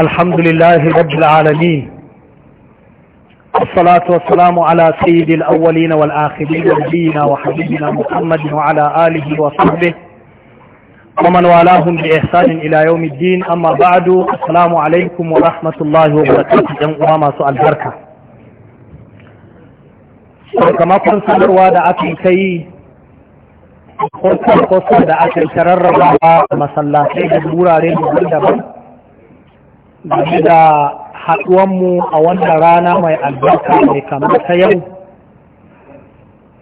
الحمد لله رب العالمين والصلاة والسلام على سيد الأولين والآخرين نبينا وحبيبنا محمد وعلى آله وصحبه ومن والاهم بإحسان إلى يوم الدين أما بعد السلام عليكم ورحمة الله وبركاته وما سؤال بركة كما كنت سنروا دعاتي كي kusa da aka yi tararraba masallatai da wurare daban-daban game da haɗuwanmu a wannan rana mai albarka mai kamar ta yau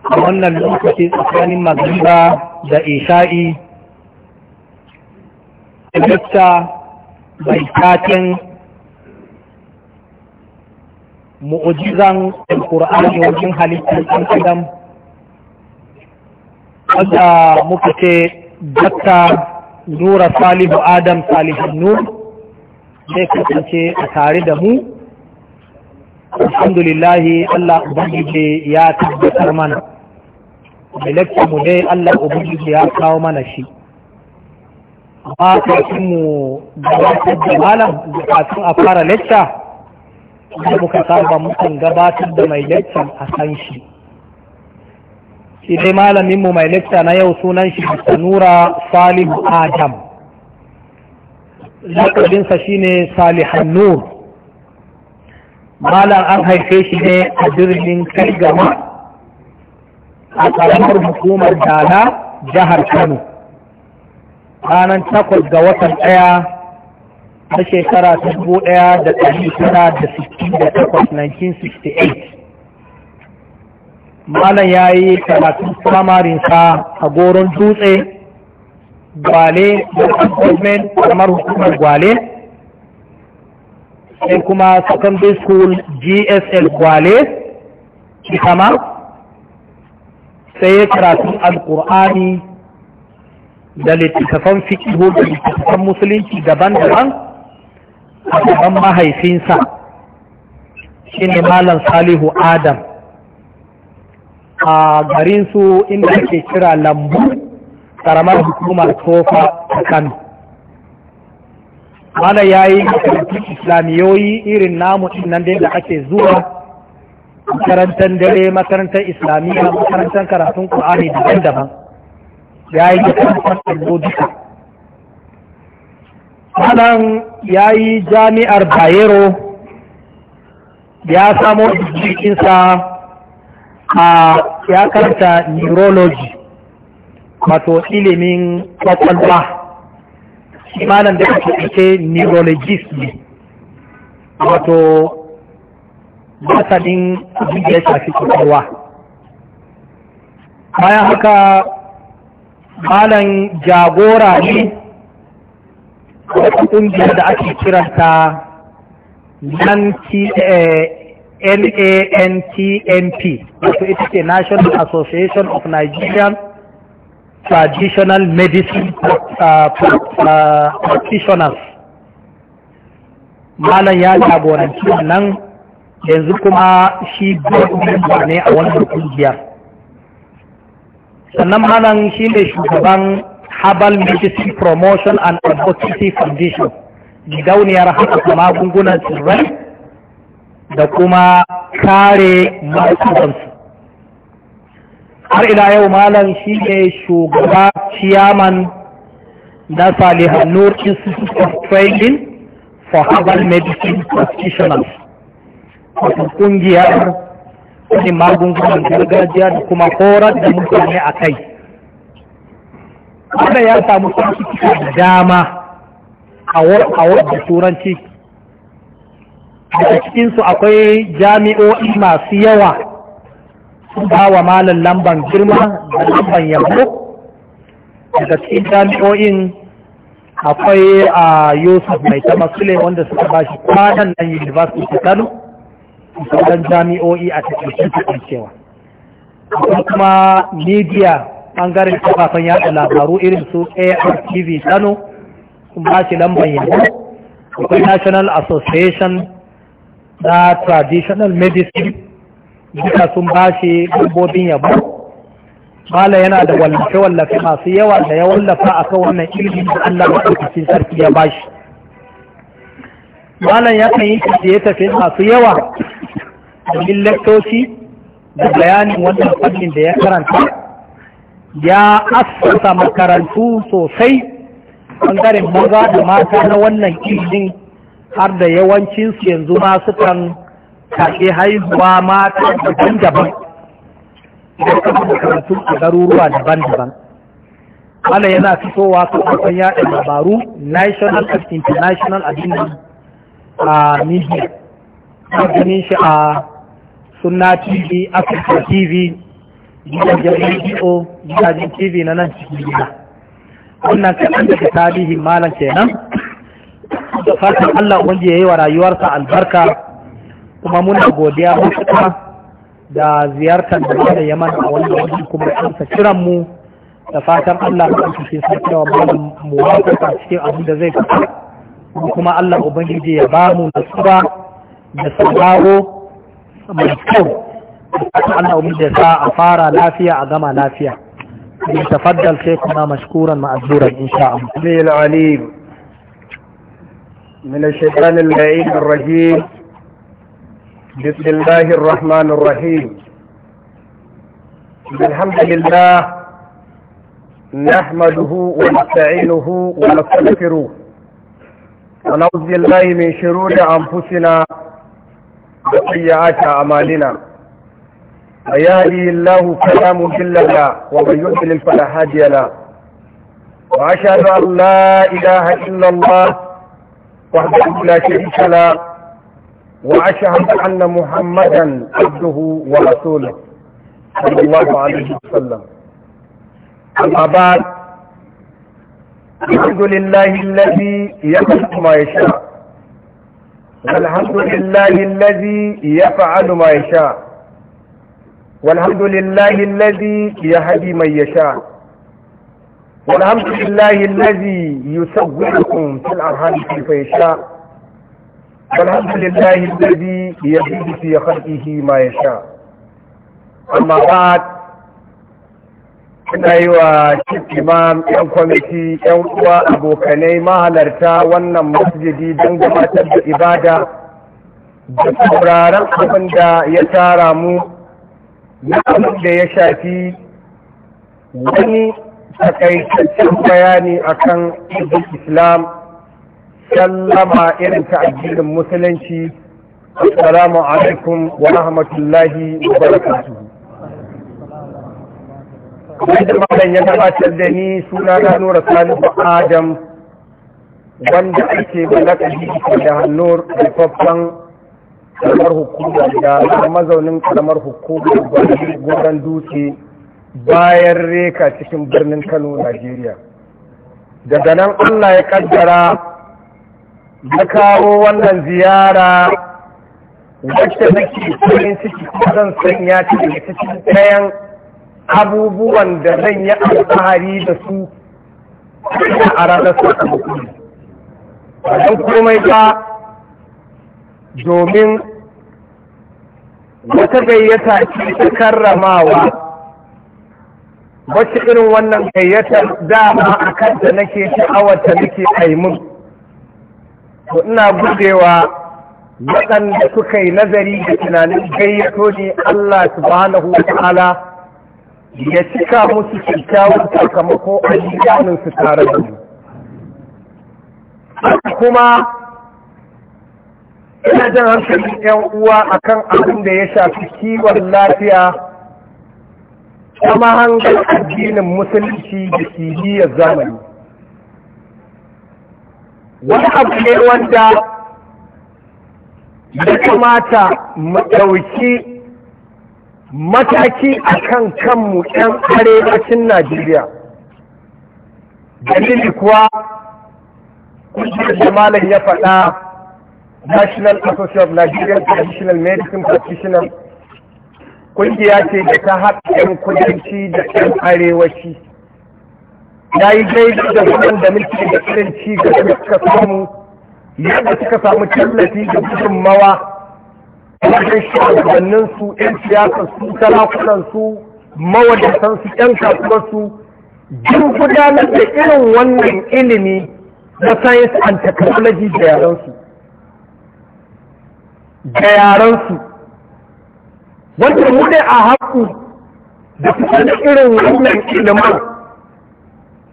a wannan lokaci tsakanin magriba da isha'i ilista mai taken mu'ujizan alkur'ani wajen halittar ɗan adam wadda muka ce dakta nura salihu adam salihu nur zai kasance a tare da mu alhamdulillahi Allah ubangiji ya tabbatar mana da mu dai Allah ubangiji ya kawo mana shi amma kafin mu gabatar da malam kafin a fara lecture da muka saba mutum gabatar da mai lecture a san shi shi dai malaminmu mai lecca na yau sunan shi nura Salihu Adam lakabinsa ne salihan nur malam an haife shi ne a birnin kaigama a karamar hukumar dala jihar kano ranar takwas ga watan ɗaya a shekara ta dubu ɗaya da ɗari tara da sittin da takwas 1968 malam ya yi karatun firamarinsa a goron dutse gwale government kamar hukumar gwale sai kuma secondary school gsl gwale kama sai karatun alkur'ani da littattafan fikihu da littattafan musulunci daban-daban a gaban mahaifinsa shi ne malam salihu adam a garinsu inda ake kira lambu karamar hukumar tofa a kano mana ya yi islamiyoyi irin namu nan da ake zuwa makarantar dare makarantar islamiyya makarantar karatun ƙwa'ani daban-daban ya yi makarantar allo duka sanan ya yi jami'ar bayero ya samo jikinsa a ya karanta neurology wato ilimin kwakwalwa malam da kake ake neurologist ne wato masanin abin da ya shafi kwakwalwa bayan haka malam jagora ne wata ƙungiyar da ake kiranta NANTMP wato ita ce National Association of Nigerian traditional medicine uh, practitioners malam ya jagoranci nan yanzu kuma shi gwamnati ne a wannan kungiyar sannan malam shi ne shugaban herbal medicine promotion and advocacy foundation gidauniyar haɗa magungunan tsirrai da kuma kare masu har ila yau malam shi ne shugaba ciyaman na salihan nur institute of training for herbal medicine practitioners wato kungiyar wani magungunan gargajiya da kuma horar da mutane a kai wanda ya samu sarkika da dama a wadda turanci daga cikinsu akwai jami'o'i masu yawa ba wa malam lamban girma da lamban yabo daga cikin jami'o'in akwai a yusuf mai ta masule wanda suka ba shi kwanan nan university kano sauran jami'o'i a cikin cewa akwai kuma media ɓangaren kafafen yada labaru irin su artv kano sun ba shi lamban yabo akwai national association na traditional medicine Gida sun ba shi gabobin yabo Malam yana da wallafe-wallafe masu yawa da ya wallafa a kan wannan ilimin da Allah maɗaukacin sarki ya ba shi. malam ya kan yi tafiye-tafiye masu yawa domin lektoci da bayanin wannan fannin da ya karanta ya asasa makarantu sosai ɓangaren maza da mata na wannan ilimin har da yawancinsu yanzu ma kan Kake haihuwa mata daban-daban da kuma karatu a garuruwa daban-daban wanda yana fitowa kafafen yaɗa labaru national and international abin a media ta ganin shi a suna tv africa tv gidajen radio gidajen tv na nan cikin gida wannan kaɗan daga tarihin malam kenan da fatan allah wanda ya yi wa rayuwarsa albarka kuma muna godiya matuƙa da ziyartar da da yaman a wani wajen kuma da amsa kiran mu da fatan Allah ya kasance sarki wa malam mu wafaka cikin abin da zai fita kuma Allah ubangiji ya ba mu nasuwa da sabawo mai kyau Allah ubangiji ya sa a fara lafiya a gama lafiya يتفضل شيخنا مشكورا مأجورا إن شاء الله العليم من الشيطان اللعين الرجيم بسم الله الرحمن الرحيم الحمد لله نحمده ونستعينه ونستغفره ونعوذ بالله من شرور انفسنا وسيئات اعمالنا من الله فلا مضل له ومن يضلل فلا هادي له واشهد ان لا اله الا الله وحده لا شريك له وأشهد أن محمدا عبده ورسوله صلى الله عليه وسلم أما بعد الحمد لله الذي يفعل ما يشاء والحمد لله الذي يفعل ما يشاء والحمد لله الذي يهدي من يشاء والحمد لله الذي يسويكم في الأرحام كيف يشاء فالحمد لله الذي يزيد في خلقه ما يشاء أما بعد ina yi wa imam yan kwamiti yan uwa abokanai mahalarta wannan masjidi don gabatar da ibada da sauraron abin da ya tara mu na abin da ya shafi wani takaitaccen bayani akan ibn islam sallama irin ta addinin musulunci assalamu alaikum wa rahmatullahi wa barakatuhu wanda malam ya gabatar da ni suna na nura salihu adam wanda ake malakabi da hannur faffan karamar hukumar da mazaunin karamar hukumar gwani dutse bayan reka cikin birnin kano najeriya daga nan allah ya kaddara na kawo wannan ziyara wacce nake farin ciki ko zan sanya ta daga cikin ɗayan abubuwan da zan yi alfahari da su a ranar sakamako a don komai ba domin wata gayyata ce ta karramawa wacce irin wannan gayyatar dama a kanta nake sha'awar ta nake aimun to ina gujewa waɗanda suka yi nazari da tunanin gayyato ne Allah subhanahu wa ta'ala ya cika musu kyakkyawar sakamako a su tare da mu. kuma ina jan hankalin 'yan uwa akan abin da ya shafi kiwon lafiya ta mahangar addinin musulunci da kimiyyar zamani. wani abu ne wanda ya kamata mu ɗauki mataki a kan kanmu 'yan arewacin najeriya dalili kuwa kungiyar da malam ya faɗa national association of nigerian traditional medicine practitioners kungiya ce da ta haɗa 'yan kudanci da 'yan arewaci ya yi daidai da waɗanda muke da irin ci gaba suka samu yadda suka samu tallafi da mawa wajen shugabanninsu 'yan su sarakunansu mawadatansu 'yan kasuwarsu duk gudanar da irin wannan ilimi na science and technology da yaransu da yaransu wanda mu ne a haku da kusa irin wannan ilimin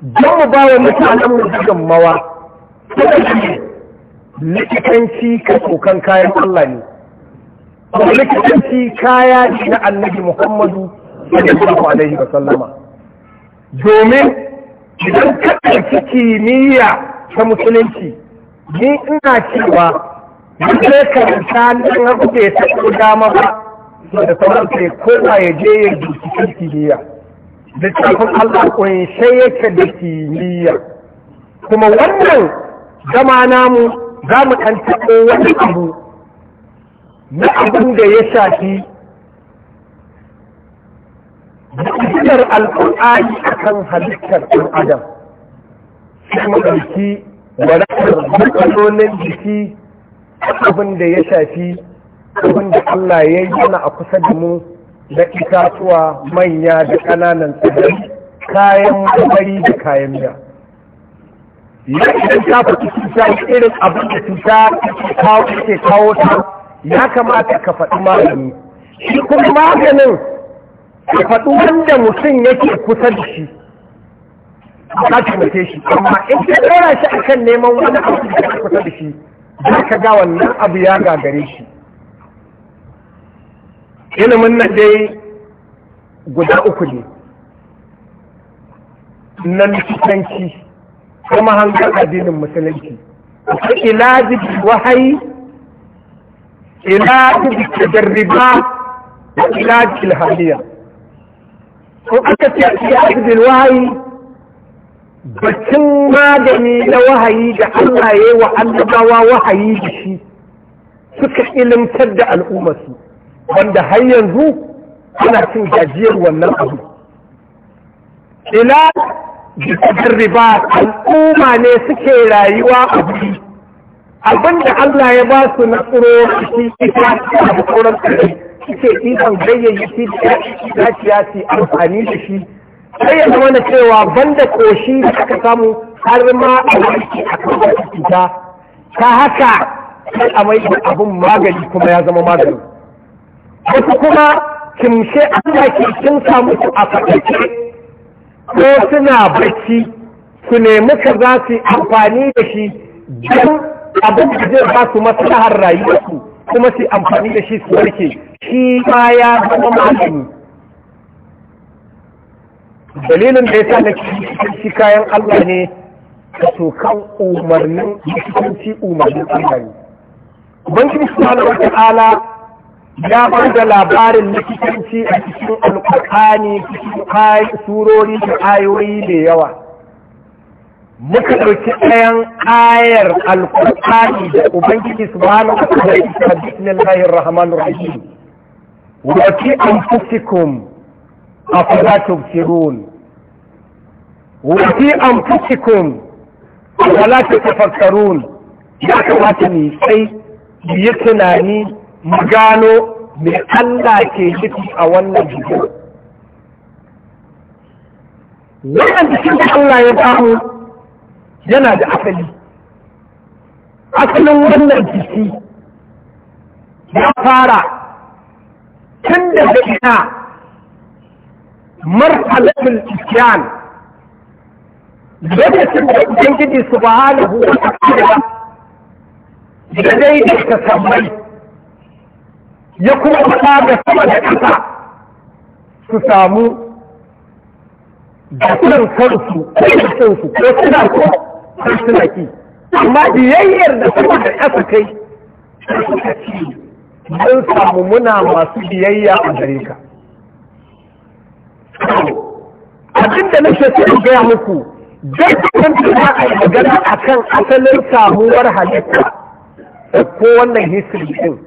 don mu ba wa mutanen mu gudunmawa likitanci ka tsokan kayan Allah ne ko likitanci kaya ne na annabi Muhammadu sallallahu alaihi wa sallama domin idan ka ɗauki kimiyya ta musulunci ni ina cewa lallai karanta nan har da ya taɓo dama da sauran sai kowa ya je ya binciki kimiyya littafin Allah kunshe yake da kimiyya kuma wannan zama namu za mu ɗan taɓo wani abu na abin da ya shafi halittar al'ur'ani a kan halittar ɗan adam kuma ɗauki wadatar matsalolin jiki abin da ya shafi abin da Allah ya yi yana a kusa da mu da itatuwa manya da ƙananan tsirrai kayan marmari da kayan miya ya idan ta faɗi cuta irin abin da cuta ke kawo ta ya kamata ka faɗi magani shi kuma maganin ka faɗi wanda mutum yake kusa da shi ka taimake shi amma in ka ɗora shi a kan neman wani abu da kusa da shi za ka ga wannan abu ya gagare shi ilimin nan dai guda uku ne Nan likitanci kuma hangar addinin musulunci akwai ilazi wahayi Ilaji ilazi tajarriba da ilazi ilhamiya ko aka ce ilazi wahayi batun magani na wahayi da Allah ya yi wa annabawa wahayi da shi suka ilimtar da al'ummarsu wanda har yanzu ana cin gajiyar wannan abu ila da riba al'umma ne suke rayuwa a biki abinda Allah ya ba su na tsoro shi ita da tsoron suke ikon gayyayyaki da ya ci amfani da shi sai ya zama na cewa banda koshi da aka samu har ma a wani a kan ta haka sai a mai abin magani kuma ya zama magani wasu kuma kimshe take sun samu su a faɗaƙe ko suna barci su nemi ka za su amfani da shi don abin da zai ba su maslahar rayuwarsu kuma su amfani da shi su warke shi ma ya zama malami dalilin da ya sa na shi kayan Allah ne da tokan umarnin ci umarnin Allah ne. Ubangiji Subhanahu wa ta'ala ya ba da labarin likitanci a cikin alkur'ani cikin surori da ayoyi da yawa muka ɗauki ɗayan ayar alkur'ani da ubangiji subhanahu wa ta'ala ya bismillahi Rahman rahim wa fi a afala tubsirun wa fi a afala tafakkarun ya kamata ni sai yi tunani mu gano mai Allah ke nufi a wannan jikin wannan jikin da Allah ya samu yana da asali asalin wannan jiki ya fara tun na ina marhalatul isyan lokacin da ubangiji subhanahu wa ta'ala da daidaita sammai ya kuma da sama da ƙasa su samu da dasunan kansu ko kansu ko suna ko ko suna ki amma biyayyar da sama da ƙasa kai mun samu muna masu biyayya a gare ka abin da shi sai gaya muku gaskiyar da za a yi magana kan asalin samuwar halitta ko wannan history din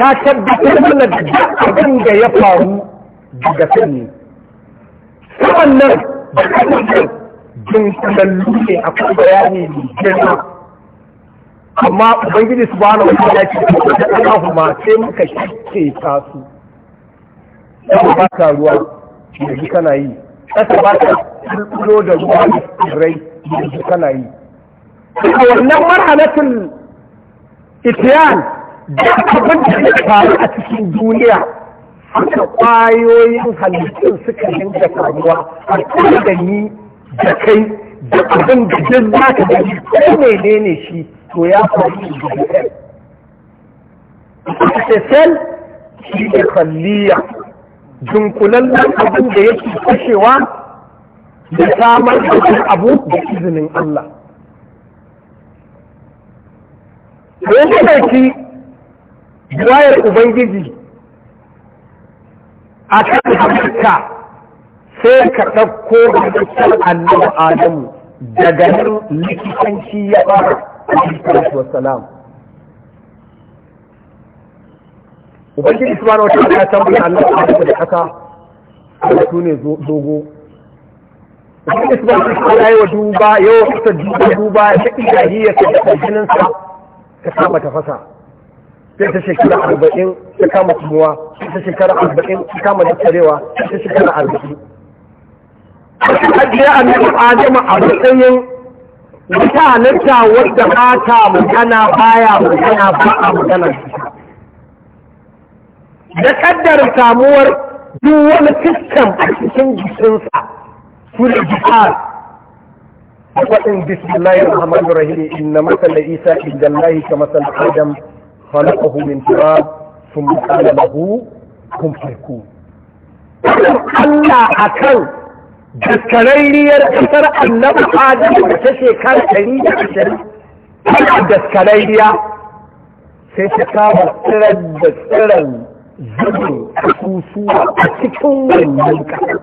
ta tabbatar mana da abin da ya faru daga sani saman nan da kasance jin sanallu ne a kan bayani mai girma amma ubangiji su bani wata ya ce da ɗan ahu ma sai muka kike ta su yau ba ta ruwa yanzu kana yi ƙasa ba ta kulkulo da ruwa da tsirrai yanzu kana yi a wannan marhalatul itiyan da da ya faru a cikin duniya haka kwayoyin halittun suka dinga faruwa a kuma da ni da kai da abin da jin za ka gani ko mene ne shi to ya faru da sel. Ita sel shi ne kalliya dunkulallen abin da yake kashewa da samar da abu da izinin Allah. Yanzu da buwayar ubangiji a kan halitta sai ka ɗauko halittar annabi adamu daga nan likitanci ya fara alaihi wasalam ubangiji subhanahu wa wata ya Allah annabi adamu da ƙasa a su ne dogo ubangiji su subhanahu wa ta'ala yawa duba yawa kusa duba duba ta ilahiyya ta jininsa ta kama tafasa sai ta shekara arba'in ta kama tumuwa ta shekara arba'in ta kama dattarewa ta shekara arba'in aka a annabi adama a matsayin wata halitta wadda ba ta magana baya magana ba a magana da kaddara samuwar duk wani sistem a cikin jikinsa su ne jihar وإن بسم الله الرحمن inna إن مثل عيسى عند الله كمثل آدم خلقه من تراب ثم قال له كن فيكون الله اكل دسكليريير ان الله حاجه تشي كان كني تشري هل دسكليريا سيشكا ولكترن دسترن زبن كوسورة تكون من ملكة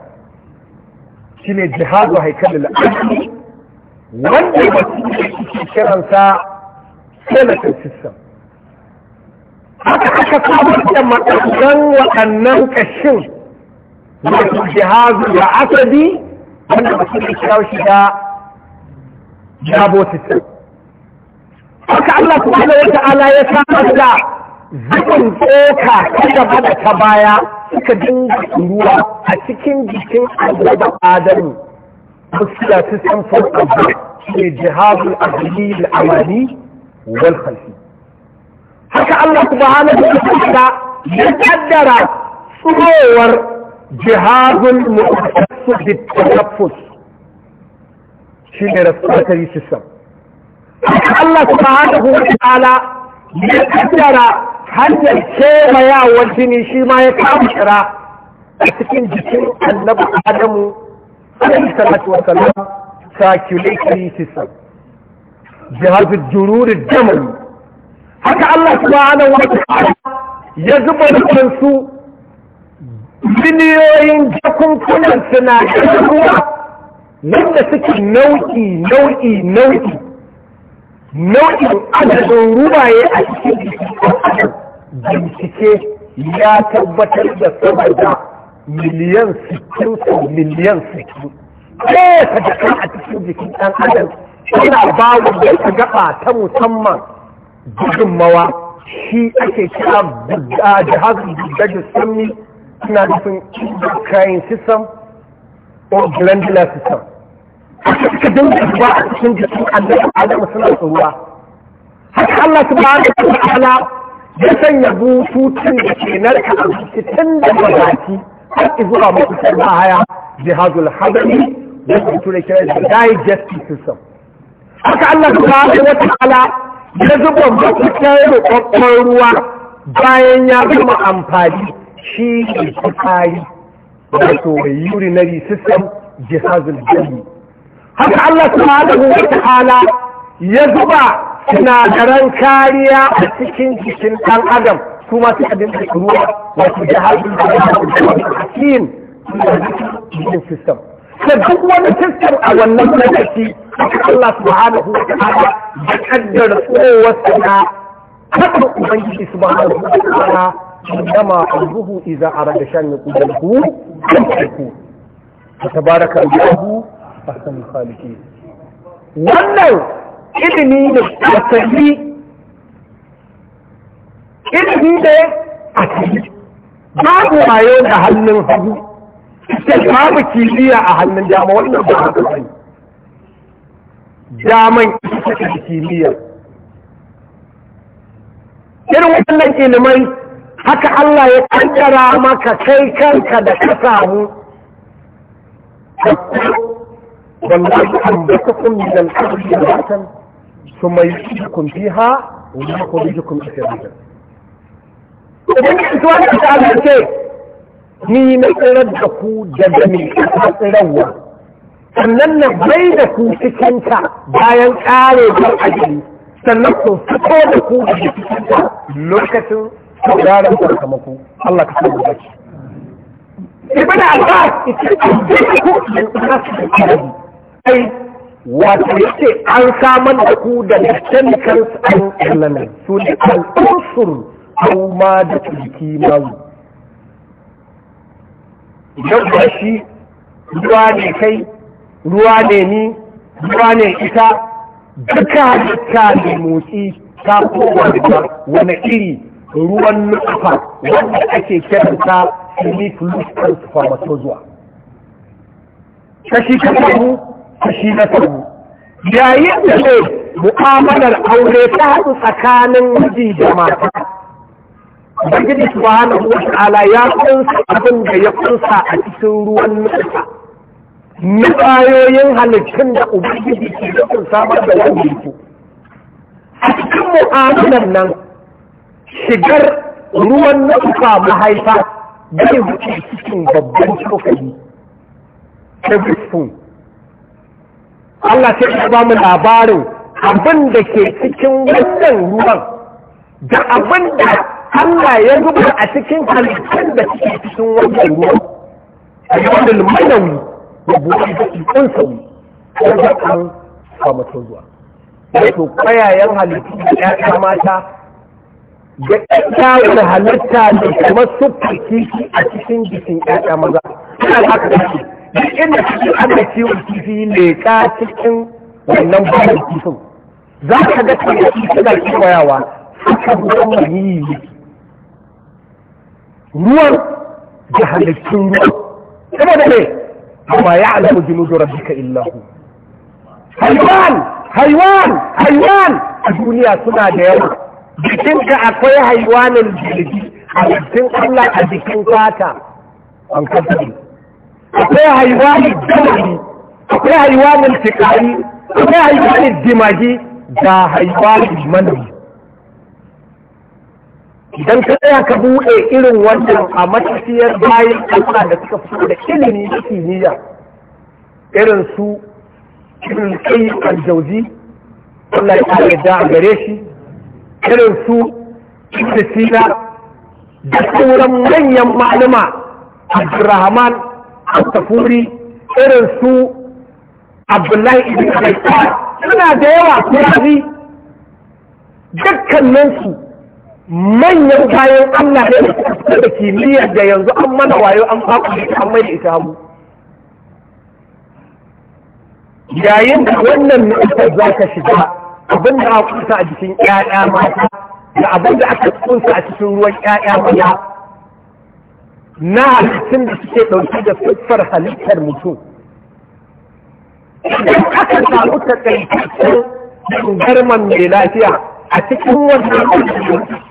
شيني الجهاد وهيكل الأجل وانجي بسيطة شيران سا سنة السيستم haka aka samar da matakan waɗannan kashin wato jihazu da asabi wanda mutum ya kira shi da jabotitin haka Allah wa ta'ala ya samar da zikin tsoka ta gaba da ta baya suka dinga ruwa a cikin jikin annabi adamu musula ta san fa'abu ne jihazul azli amali wal khalfi haka Allah subhanahu wa ta'ala ya kaddara tsowar jihazul mu'tasu bi tanaffus shine respiratory system haka Allah subhanahu wa ta'ala ya kaddara hanyar kewayawar jini shi ma ya kama shira a cikin jikin annabi Adamu alaihi salatu wa salam circulatory system jihazul jururi damari haka Allah subhanahu wa ta'ala ya zuba da su miliyoyin jakunkunan sinadaran ruwa yadda suke nau'i nau'i nau'i nau'in adadin ruwaye a cikin bincike ya tabbatar da saboda miliyan 60 sau miliyan 60 ɗaya ta jaka a cikin jikin ɗan adam yana babu da ta gaba ta musamman gudunmawa shi ake kira jihazin gudajen sunni suna nufin endocrine system or glandular system haka suka dinga zuwa a cikin jikin annabi adam suna tsoruwa haka Allah subhanahu da ta'ala ya sanya bututun da ke narka a cikin da wadati har zuwa mafitar baya jihazul hadari da su tura kira digestive system haka Allah subhanahu da ta'ala ya zuba bakitar rukwakon ruwa bayan ya zama amfani shi ne fitsari wato urinary system jihazin jami haka Allah zuba wata hala ya zuba sinadaran kariya a cikin jikin ɗan adam su ma suka dinga ruwa wato jihazin jami hakim immune system da duk wani tattar a wannan lokaci Allah subhanahu wa ta'ala ya kaddara tsowarsa na taɓa ubangiji subhanahu wa ta'ala إنما أمره إذا أراد شأن يقوله يكون فتبارك الله أحسن الخالقين wannan ilimi da asali ilimi da asali babu wayo da hannun hagu babu kimiyya a hannun dama wannan ba haka ba ne daman ita kiliya irin wannan ilimai haka Allah ya kankara maka kai kanka da ka samu wallahi ambatakum min al-ardi su mai yusjikum fiha wani wa yukhrijukum akhiratan idan ki zuwa ta Allah ce ni na tsirar da ku daga gami ƙasa tsirarwa sannan na bai da ku cikinta bayan ƙare bar ajali sannan ku fito da ku daga cikinta lokacin sauraron sakamako Allah ka samu baki ibn abbas ita ku min qasd al-arabi ai wato an samar da ku da can kan an ilana su ne al-usul au ma da turki mawu yau shi ruwa ne kai ruwa ne ni ruwa ne ita duka duka ne motsi ta kowanne wani iri ruwan nufa wanda ake su semiflucent spermatozoa kashi ta samu kashi na samu yayin da ne mu'amalar aure ta haɗu tsakanin miji da mata Ubangiji subhanahu wa ta'ala ya kunsa abin da ya kunsa a cikin ruwan nasa. Na ƙwayoyin halittun da Ubangiji ke da kunsa da wani ku. A cikin mu'amalar nan shigar ruwan nasa mahaifa bai wuce cikin babban cokali. Tablespoon. Allah sai ya ba mu labarin abin da ke cikin wannan ruwan da abin da Allah ya zuba a cikin halittun da suke cikin wannan ruwa a yi wannan manawi ya buɗe da ikon sauyi ya ga an kwamato zuwa wato kwayayen halittu da ya mata da kyawun halitta da kuma kifi a cikin jikin ƴaƴa maza suna haka kake duk inda cikin ana kiwon kifi leƙa cikin wannan bayan kifin za ka ga kifi suna kewayawa haka bukan maniyi ruwan da ruwa. ruwan da ne amma ya alamu junudu rabbika illahu haiwan haiwan haiwan a duniya suna da yawa jikinka akwai haiwanin jirgi jikin Allah a jikin fata an kasance akwai haiwanin jirgi akwai haiwanin tikari akwai haiwanin dimagi da haiwanin manomi idan ka tsaya ka buɗe irin wannan a matafiyar bayan Allah da suka fito da ilimi da kimiyya irin su irin kai aljauzi Allah ya yarda a gare shi irin su da sina da sauran manyan malama Abdurrahman Al-Tafuri irin su Abdullahi ibn Abbas suna da yawa kurazi su manyan kayan Allah ne da kimiyyar da yanzu an mana wayo an faɗi an mai da ita mu. yayin da wannan nutsar za ka shiga abin da aka kusa a jikin ƴaƴa mata da abin da aka kusa a cikin ruwan ƴaƴa mata na halittun da suke ɗauki da siffar halittar mutum idan aka samu takaitaccen garman mai lafiya a cikin wannan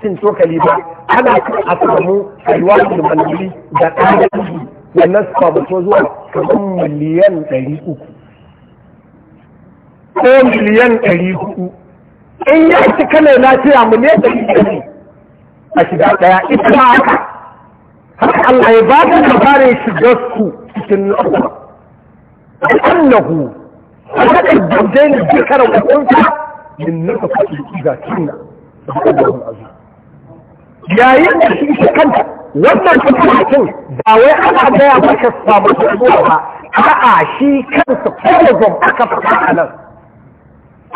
cikin cokali ba ana a samu kaiwa da malami da da wannan ba bato zuwa kamar miliyan ɗari uku ko miliyan ɗari uku. in ya ci kana lafiya miliyan ɗari ɗari a shiga ɗaya ita ma haka har Allah ya ba da labarin shigar su cikin nasa annahu a haɗa jirgin jikar wa min nafaqati idza kunna Allahu azim yayin da shi ke kanta wannan karatun ba wai ana gaya maka samu zuwa ba a'a shi kansa kuma zan aka faɗa a nan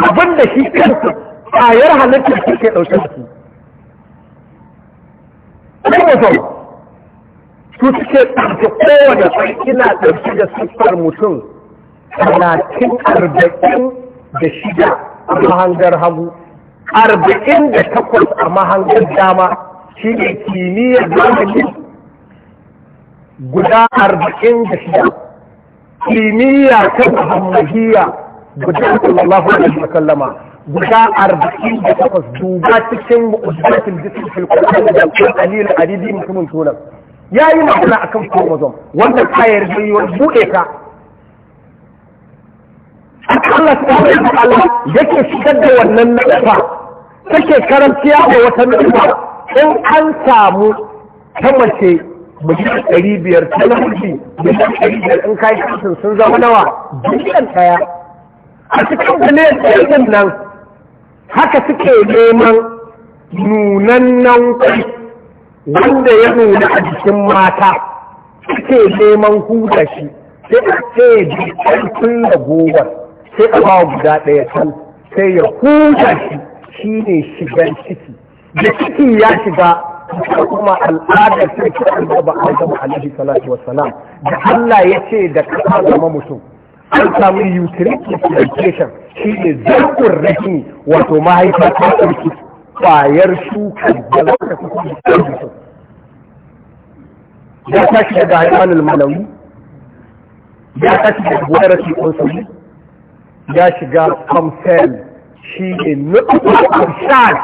abinda shi kansa ƙwayar halittar shi ke ɗauke da su kowane su suke ɗauke kowane sai ina ɗauke da siffar mutum talatin arba'in da shida a mahangar hagu arba'in da takwas a mahangar dama shi ne kimiyyar zamani guda arba'in da shida kimiyya ta muhammadiyya guda sallallahu alaihi wa sallama guda arba'in da takwas duba cikin mu'ujizatul jisim fil qur'an da al-qalil al-adidi mutumin sunan yayi magana akan chromosome wannan ayar da yi buɗe ka Allah subhanahu da ta'ala yake shigar da wannan nasa take karantiya da wata nasa in an samu ta mace miliyan ɗari biyar ta na namiji miliyan ɗari biyar in kai kasin sun zama nawa biliyan ɗaya a cikin biliyan ɗayan nan haka suke neman nunannen kai wanda ya nuna a jikin mata suke neman huda shi sai a ce jikin da gobar sai a guda ɗaya tal sai ya huta shi shi ne shigan ciki da ciki ya shiga da kuma al'adar sarki annaba adam alaihi salatu wassalam da Allah ya ce da ka zama mutum an samu uterine implantation shi ne zarkun rahimi wato mahaifa ta sarki kwayar shukar da za ta kuma mutum ya tashi daga haifanin malawi ya tashi daga wayar shi ya shiga kamfel shi ne nufin shar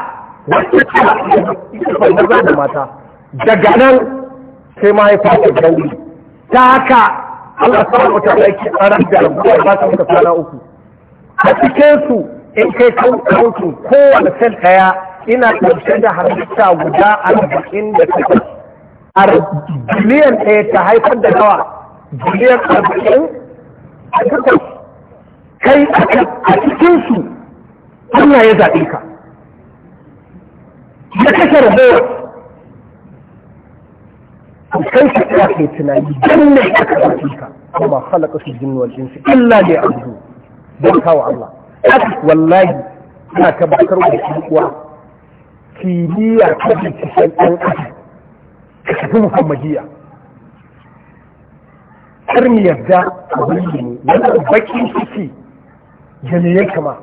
wacce ce maza da mata daga nan sai mahaifa ta gani ta haka Allah sa wata aiki a ran da ba ta muka uku a su in kai kan kansu kowane sel ɗaya ina ɗauke da halitta guda arba'in da takwas biliyan ɗaya ta haifar da nawa biliyan arba'in a takwas kai a cikinsu Allah ya zaɓe ka ya kashe rahowar kai ka tsaya tunani don ne aka zaɓe ka amma halaka su jinnu wal insu illa ne a zuwa don kawo Allah wallahi ana bakar da shi uwa kimiyya ta binciken ɗan ƙasa ka tafi muhammadiyya har mu yarda a wuri ne wani bakin ciki da me kama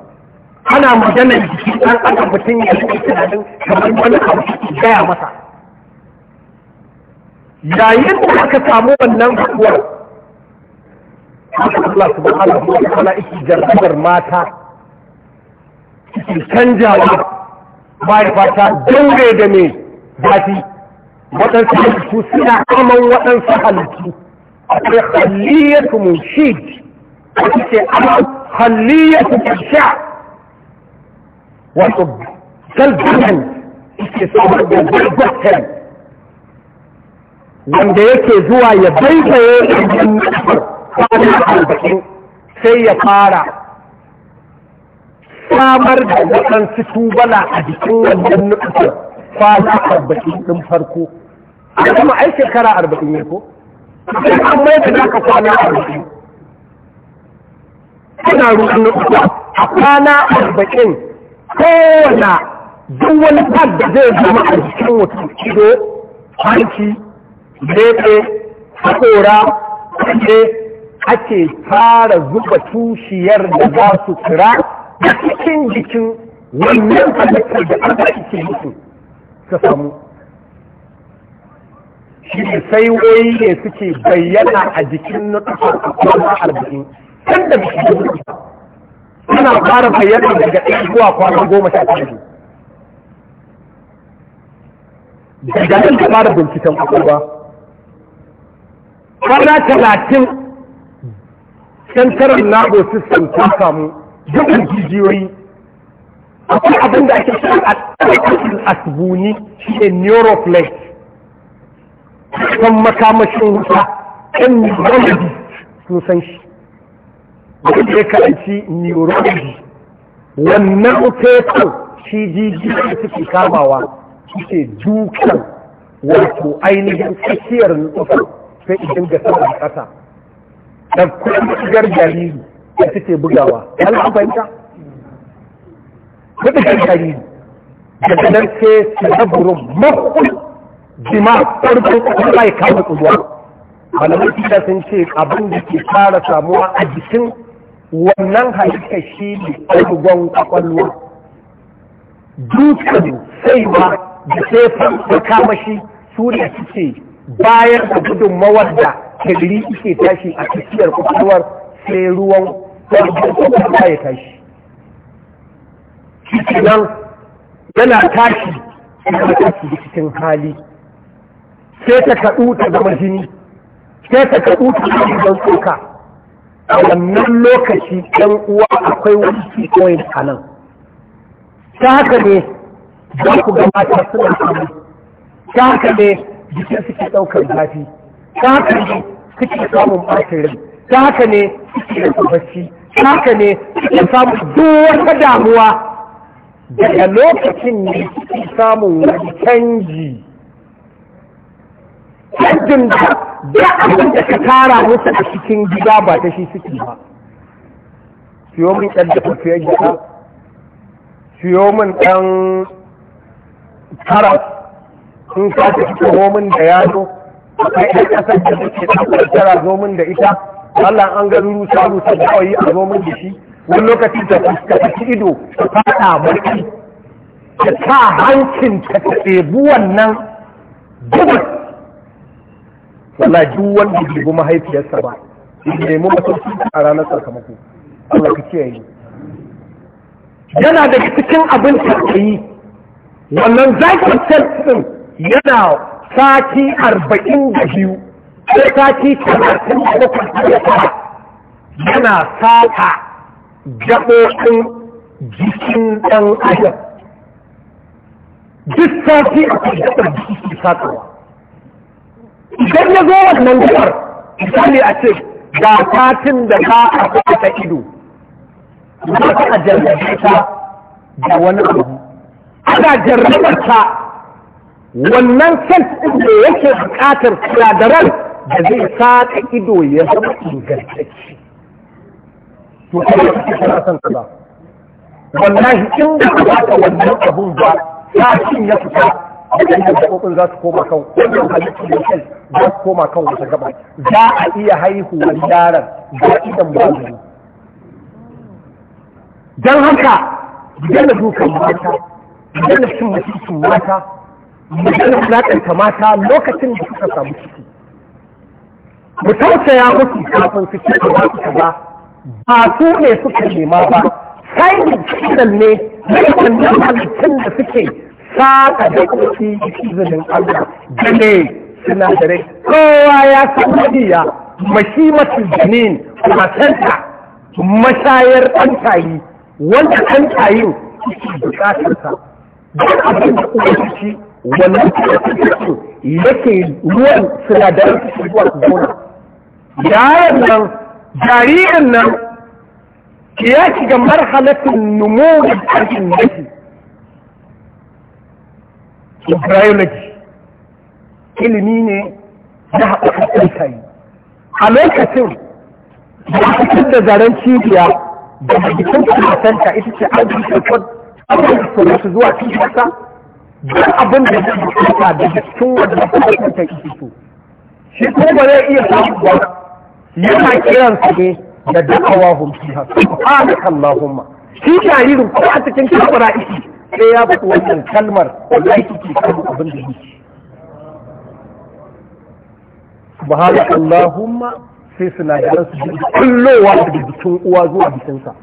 ana magana jiki ɗan aka mutum ya yi tunanin kamar wani abu gaya masa yayin da aka samu wannan hakuwar Allah subhanahu wa ta'ala yake jarabar mata cikin canjawa mahaifa fata daure da me zafi waɗansu halittu suna aman waɗansu halittu akwai haliyatu mushid wata ce aman halliyar sha wato galbanan ke samar da wanda yake zuwa ya baibaye ɗan kwana arba'in sai ya fara samar da waɗansu tubala a jikin wannan nufin kwana arba'in ɗin farko a ai shekara arba'in ne ko? Sai an kwana ana ruɗin a kwana arba'in kowane duk wani fad da zai zama a jikin mutum ido hanci leɓe haƙora kaɗe ake fara zuba tushiyar da za su kira a cikin jikin wannan halittar da aka ike mutum ta samu shi sai ne suke bayyana a jikin na a kwana arba'in can da biki suna fara bayyana daga ɗaya zuwa kwana goma sha biyu daga nan ta fara binciken kwakwalwa kwana talatin santarar nago system ta samu dukkan jijiyoyi akwai abin da ake shi a ɗaukacin asibuni shi ne neuroflex kan makamashin wuta ɗan neurology sun san shi wanda ya karanci neurology wannan ukefan shi jijiyoyi da suke kamawa suke dukan wato ainihin tsakiyar nufar sai idan ga sama da kasa da kuma shigar jariri da suke bugawa an an fahimta kuɗi kan jariri da nan sai cerebrum makul jima farko kuma bai kama tsuwa malamai sun ce abin da ke fara samuwa a jikin wannan halitta shi ne ɗaukugon ƙwaƙwalwa dukkan ba da sefan da kamashi su ne suke bayar da gudunmawar da kagiri ke tashi a tafiyar ƙwaƙwalwar sai ruwan ƙwaƙwalwa ya tashi nan yana tashi yana tashi cikin hali sai ta kaɗu ta zama jini sai ta kaɗu ta zama tsoka a wannan lokaci ɗan uwa akwai wani cikin a nan ta haka ne za ku ga mata suna samu ta haka ne jikin suke ɗaukar zafi ta haka ne suke samun ɓacin rai ta haka ne suke da bacci ta haka ne suke samun duk ta damuwa daga lokacin ne suke samun wani canji canjin da da abin da ka tara musu a cikin gida ba ta shi suke ba siyo min ɗan da fafiyar gida siyo min ɗan karas, sun sa ta fito homin da yado akwai ɗan ƙasar da suke ɗaukar tara zo min da ita Allah an ga ruru rusa da kawai a zo min da shi wani lokaci da ta fashi ido ta fada barki ta sa hancin ta ta ɗebi wannan dubu wala duk wanda bai bi mahaifiyarsa ba in nemi masauki a ranar sakamako Allah ka yayi yana da cikin abin yi. wannan zakin tafsirin yana sati arba'in da biyu ko sati 37 da bakwai da yana saka gaɓoɓin jikin ɗan adam duk sati a kan gaɓar jiki satawa idan ya zo wannan gabar misali a ce ga satin da ka a ta ido za ka a jarrabe da wani abu ana jarrabar wannan sel ɗin da yake buƙatar sinadaran da zai saka ido ya zama ingantacce to kuma kake kana son ka ba wallahi in ba ka wannan abun ba ta cin ya fita waɗannan gaɓoɓin za su koma kan wannan halittar da kai za su koma kan wata gaba za a iya haihuwar yaron ga idan ba su don haka yana dukan mata yana cin mutuncin mata yana wulaƙanta mata lokacin da suka samu ciki mu tausaya musu kafin su ci gaba su ba ba su ne suka nema ba sai da ne na wannan halittun da suke saka da kuɗi izinin Allah gane sinadarai kowa ya san hadiya mashimatin janin matanta mashayar ɗantayi wanda ɗantayin suke bukatarsa don abin da kuma shi wannan cikin yake ruwan sinadaran su zuwa su zauna yaron nan jaririn nan ya shiga marhalatin numo da ƙarfin yake embryology ilimi ne na haɓaka tsakai a lokacin da fitar da zaren cibiya da jikin kusurcenta ita ce an ji shekot abin da su zuwa cibiyarsa don abin da ya bukata da jikin wanda kusurcenta ita so shi kuma ba zai iya samun ba yana su ne da da'awa kan subhanakallahumma shi jaririn ko a cikin kafara ishi sai ya fi wannan kalmar wallahi kike kan abin da yake subhanaka allahumma sai sinadaran su ji kullowa da bikin uwa zuwa sa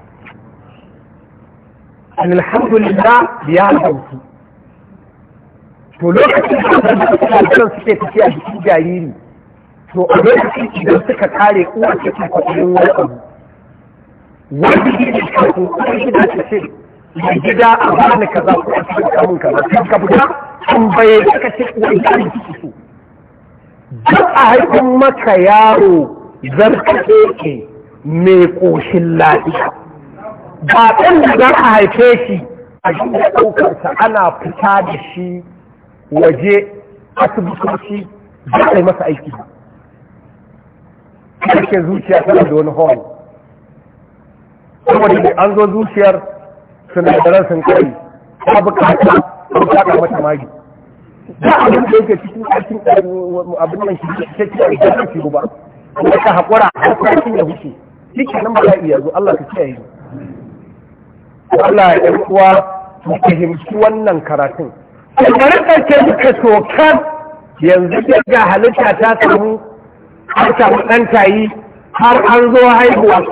alhamdulillah ya dauki to lokacin da suke a jikin jariri to a lokacin idan suka kare uwa cikin kwaɗayin wani abu wanda ke cikin kwaɗayin shi da ce da gida a bani kaza ko a cikin kamun kaza sai ka fita an baye ka ce wani gari kike so duk a haifin maka yaro zarkake ke mai ƙoshin lafiya ba ɗan da za a haife shi a shiga ɗaukarsa ana fita da shi waje asibitoci za a yi masa aiki ba ƙarshe zuciya tana da wani horn saboda an zo zuciyar da darasin kai, ta bukata ta bukata mata magi da abin da yake cikin cikin eh, abin nan shi ke cikin da shi ba kuma ka haƙura har ka cin ya huce cikin nan ba iya zo Allah ka kiyaye Allah ya kuwa mu fahimci wannan karatun kamar kake suka tokar yanzu ga halitta ta samu har samu ɗan tayi har an zo haihuwa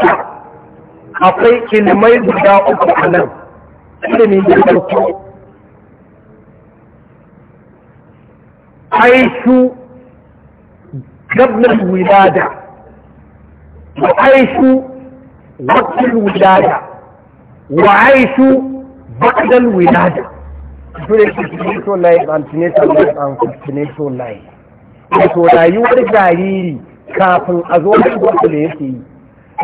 akwai ilimai guda uku a nan ilimi da farko aishu gabnar wilada wa aishu wakil wilada wa aishu bakdal wilada su ne su ne so lai wato rayuwar jariri kafin a zo da yake yi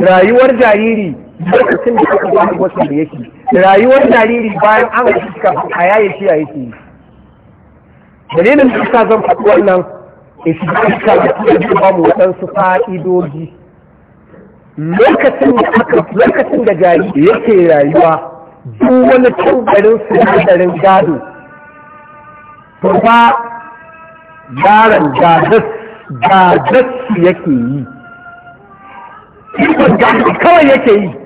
rayuwar jariri lokacin da aka ba shi wasu da yake rayuwar jariri bayan an ga shi kafin a yaye shi a yake dalilin da sa zan faɗi wannan ishirka da ke ba mu waɗansu fa'idoji lokacin da aka lokacin da jariri yake rayuwa duk wani tangarin sinadarin gado to ba yaron gadas gadas yake yi ikon gado kawai yake yi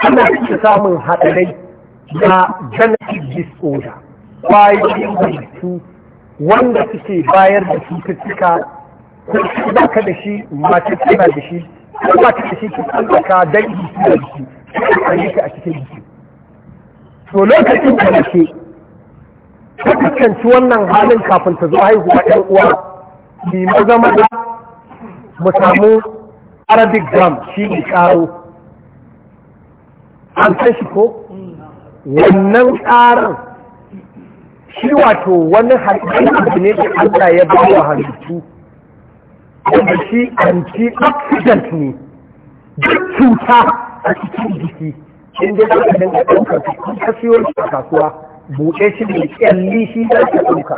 ana iya samun haɗarai na genetic disorder kwayoyin halittu wanda suke bayar da cututtuka ko ba ka da shi mace tana da shi ko ba ka da shi ki tsallaka dangi su da shi a yi a cikin jiki to lokacin da ka ta kasance wannan halin kafin ta zo haihuwa ɗan uwa bi maza da mu samu arabic gram shi ne karo an kai shi ko wannan tsarin shi wato wani halittu ne da Allah ya ba wa halittu wanda shi anti accident ne duk cuta a cikin jiki in dai ka dinga ɗaukar ka siyo shi a kasuwa buɗe shi ne kyalli shi za ka ɗauka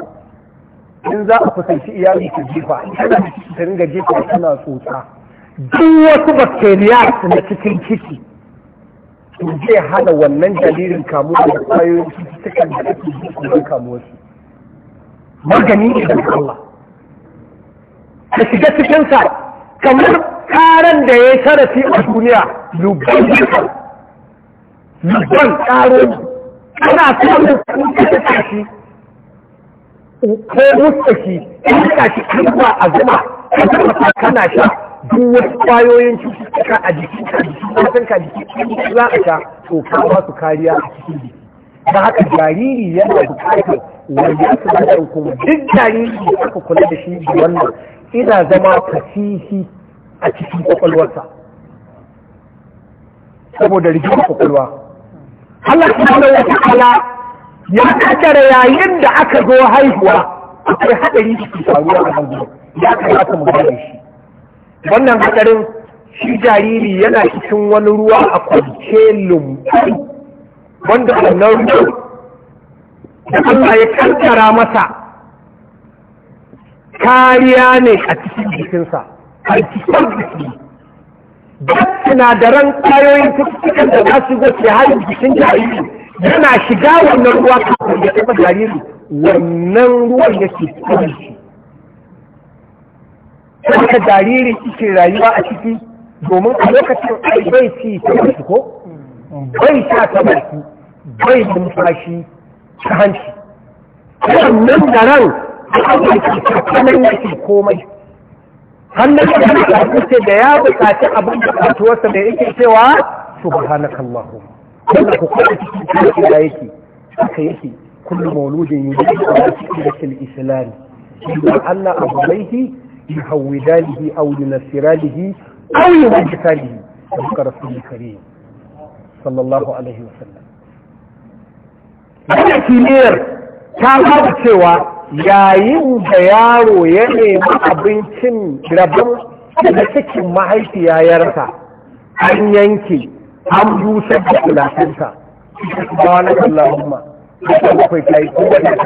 in za a kusanci iyali ka jefa tana ta dinga jefa tana tsotsa duk wasu bakteriya na cikin ciki to zai hana wannan jaririn kamuwa da kwayoyin cututtukan da ake ji kuma kamuwarsu magani ne daga Allah ka shiga cikinsa kamar karan da ya yi sharafi a duniya lubban lubban karo kana samun kuka ta shi ko mutsa shi in shi an ba a zuma ka kana sha duk wasu kwayoyin cututtuka a jikin ka jiki za a sha to ka su kariya a cikin jiki da haka jariri yana bukatar wanda aka da kuma duk jariri da aka kula da shi da wannan ina zama fasihi a cikin kwakwalwarsa saboda rigin kwakwalwa Allah subhanahu wa ya kaddara yayin da aka zo haihuwa akwai haɗari da ke faruwa a hangu ya kamata mu gane shi wannan hadarin shi jariri yana cikin wani ruwa a kwance lumbai wanda wannan ruwa da Allah ya kankara masa kariya ne a cikin jikinsa a cikin jiki da sinadaran kwayoyin cututtukan da za su goce har jikin jariri yana shiga wannan ruwa kafin ya taɓa jariri wannan ruwan yake cikin shi wata jariri ke rayuwa a ciki domin a lokacin bai ci ta wasu ko bai sha ta bai numfashi ta hanci wannan da ran Allah ke tsakanin yake komai hannun da ya da ce da ya bukaci abin da kasuwarsa da yake cewa ba subhanakallahu wannan ku kuma cikin cikin da yake haka yake kullum mauludin yi da cikin islam Allah abu laifi يحودانه أو ينسرانه أو يمجسانه صدق رسول الكريم صلى الله عليه وسلم Yana kimiyar ta haɗa cewa yayin da yaro ya nemi abincin rabin da cikin mahaifiya ya an yanke an busar da kulatinsa. Na wani Allahumma, da ta bakwai ta yi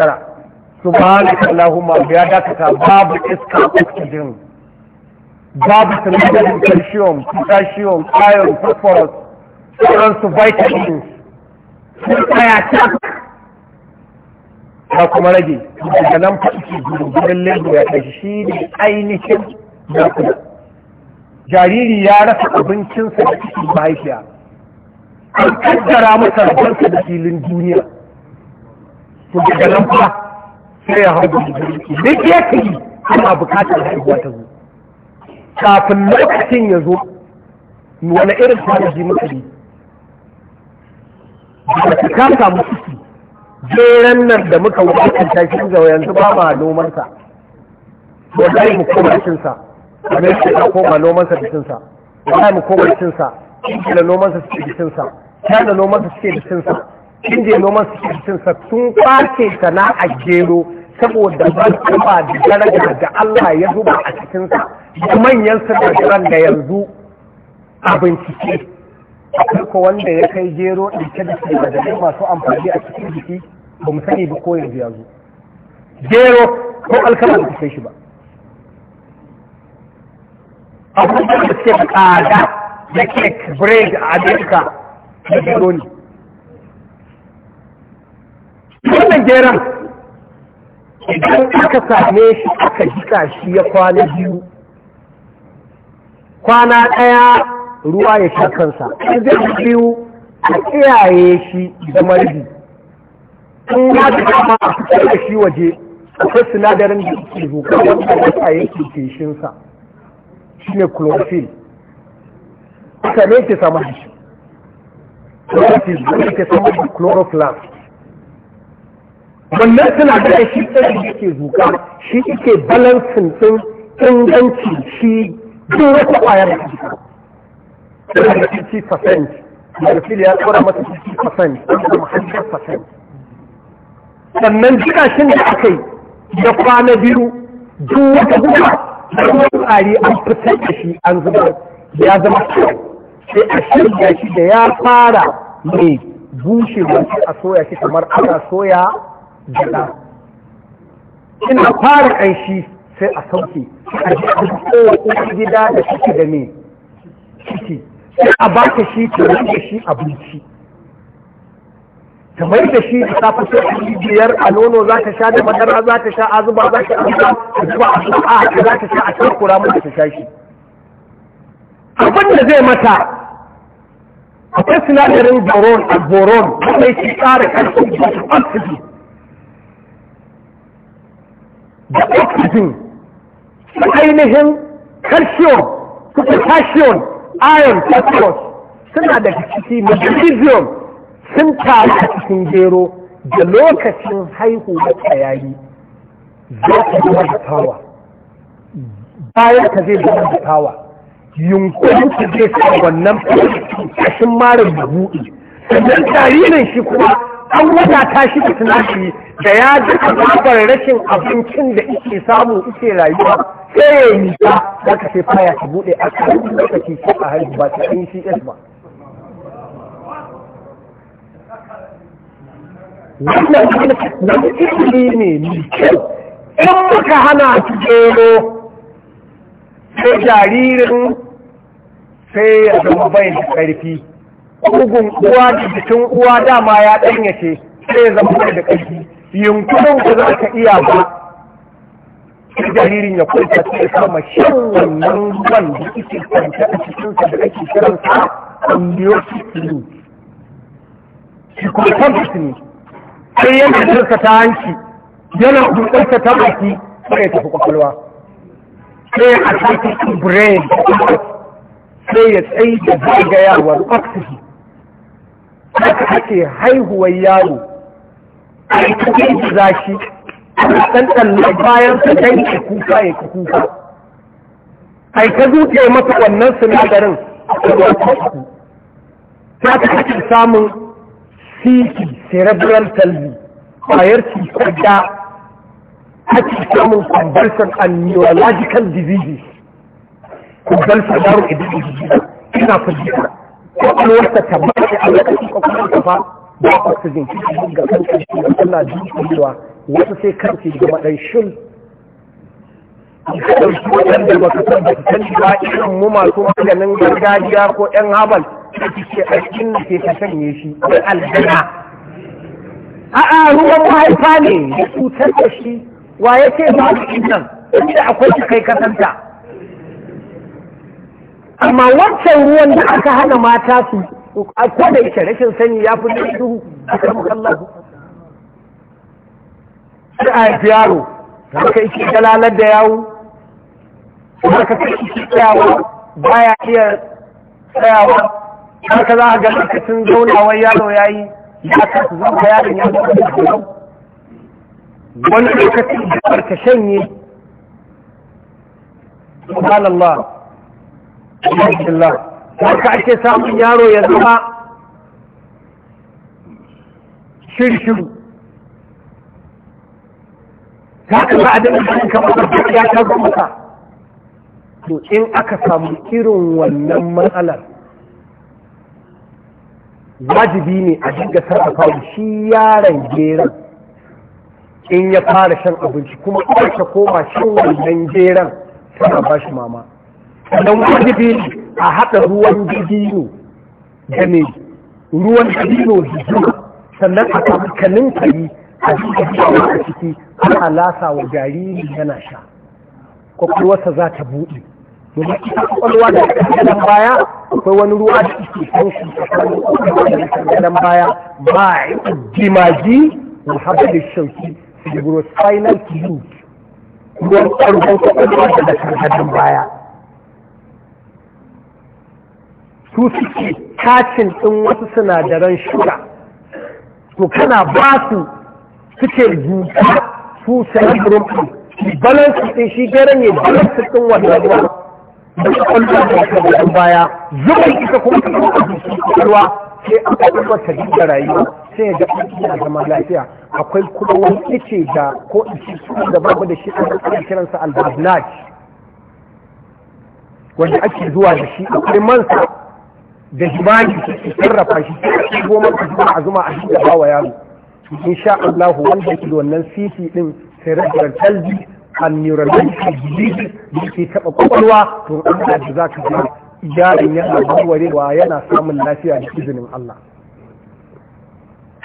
tara. subhanaka allahumma ya dakata babu iska oxygen babu sinadarin calcium potassium iron phosphorus su vitamins sun tsaya tak ya kuma rage daga nan faɗi gudungunan lebo ya kai shi ne ainihin nakuna jariri ya rasa abincinsa da cikin mahaifiya an kaddara masa rabarsa da filin duniya su daga nan fa sai ya hau duk ya yi ana bukatar haihuwa ta zo kafin lokacin ya zo wani irin tarihi muka yi da ka samu ciki jeren nan da muka ta shi ga yanzu ba ma nomansa to wallahi mu koma cinsa a nan shi ta koma nomansa da cinsa wallahi mu koma cinsa ingila nomansa suke da cinsa china nomansa suke da cinsa inda noman sa sun kwace sana'a gero saboda martaba da daraja da Allah ya zuba a cikinsa da manyan su da yanzu a bincike akwai wanda ya kai gero ɗauke da da, sinadarai masu amfani a cikin jiki ba mu sani ba ko yanzu ya gero ko alkama da kai shi ba abubuwan da suke tsada da ke bread a amerika da gero ne wannan geran idan aka same shi aka jika shi ya kwana biyu kwana ɗaya ruwa ya sha kansa zai biyu a tsiyaye shi da marbi in ya da kama a fitar da shi waje akwai sinadarin da ke zuka wanda ya yake feshinsa shi ne chlorophyll aka ne ke sama da shi ne ke sama da chloroplast wannan suna da shi ɗan da ke zuka shi ke balansin ɗin inganci shi duk ya aka yi da kwana biyu duk wata guda da kuma tsari an fitar da shi an zuba ya zama kyau sai a shirya shi da ya fara mai bushewa a soya shi kamar ana soya gyaɗa ina fara ƙanshi sai a sauke a ji a kowace gida da ciki da me ciki sai a ba ka shi ta da shi abinci ta mai da shi ta safi sai a yi biyar a nono za ta sha da madara za ta sha a zuba za ta sha a zuba a sha a za ta sha a kura mata ta sha shi abin da zai mata akwai sinadarin boron a boron wanda yake ƙara ƙarfin oxygen da da ainihin calcium su potassium iron phosphorus suna da ciki magnesium sun taru a cikin gero da lokacin haihuwa da tsayayi za ka zama da tawa bayan ka zai zama da tawa yunkurin ka zai sa wannan fashin marar da buɗe sannan jaririn shi kuma an wadata shi da tunashi da ya ji azabar rashin abincin da ike samu ike rayuwa sai ya yi ta za ka sai faya ta buɗe a kan lokaci ko a haihu ba ta an yi cs ba wannan wani ilimi ne mai kyau in muka hana su gero sai jaririn sai ya zama bai da ƙarfi bugun uwa da jikin uwa dama ya ɗanyace sai ya zama da ƙarfi yunkurin ku za ka iya ba sai jaririn ya kwanta sai ya kama shan wannan ruwan da ake kwanta a cikinsa da ake kiransa amniotic fluid shi kuma tabbas ne sai yana jinsa ta hanci yana dutsarsa ta baki sai ya tafi kwakwalwa sai ya ataki brain sai ya tsaye da zagayawar oxygen haka ake haihuwar yaro a cikin zashi a ɗanɗan bayan sa dan ya kuka ya kuka ai ka zuke mata wannan sinadarin ta ta ake samun ciki cerebral palsy kwayar cutar da ake samun convulsion and neurological diseases convulsion yaro idan ina fahimta kwakwalwarsa ta ba tabbata a lokacin kwakwalwarsa fa ba oxygen ga shi da Allah wasu sai ga madan shi masu gargajiya ko ɗan habal kike ke shi ko a'a ruwan mahaifa ne ya shi wa ya ce ba nan akwai shi kai kasanta amma wancan ruwan da aka hana mata su a kwada yake rashin sanyi ya fi duhu a karɓar Allah sai a haifi yaro haka yake dalalar da yawo haka kai yake tsayawa baya iya tsayawa ka za a ga lokacin zaunawar yaro ya yi ya kasu ka yaron ya zama da wani lokacin da ka shanye subhanallah haka ake samun yaro ya zama shirshiru ta ka za a daɗin ɗan kamar ya ta maka to in aka samu irin wannan matsalar wajibi ne a dinga sarrafa shi yaron geran in ya fara shan abinci kuma aka koma shan wannan geran tana ba shi mama sannan wajibi a haɗa ruwan dabino da mai ruwan dabino da zuma sannan a kamkanin kari a jikin a ciki a lasa wa jariri yana sha kwakwalwarsa za ta buɗe domin ita kwakwalwa da ta nan baya akwai wani ruwa da ke kan shi kan kwakwalwa da kankanan baya ba jimaji haɗa da shauki su spinal fluid ruwan kwakwalwa da ta nan baya su suke kacin ɗin wasu sinadaran shuka to kana ba su suke zuta su sinadarin ɗin balansu ɗin shi geren ne balansu ɗin wannan ruwa da kwallon da ta bayan baya zuwa ita kuma ta kuma ruwa sai a kuma ta gida rayuwa sai ga yana zama lafiya akwai kuma wani ɗike da ko ice da babu da shi ɗin kiransa albabnaj wanda ake zuwa da shi akwai mansa da jibani su sarrafa shi sai a goma su a zuma a shi da bawa yaro insha Allah wanda yake da wannan sisi din cerebral palsy and neurological disease da yake taba kwakwalwa to an da zaka ji yaron yana yana samun lafiya da izinin Allah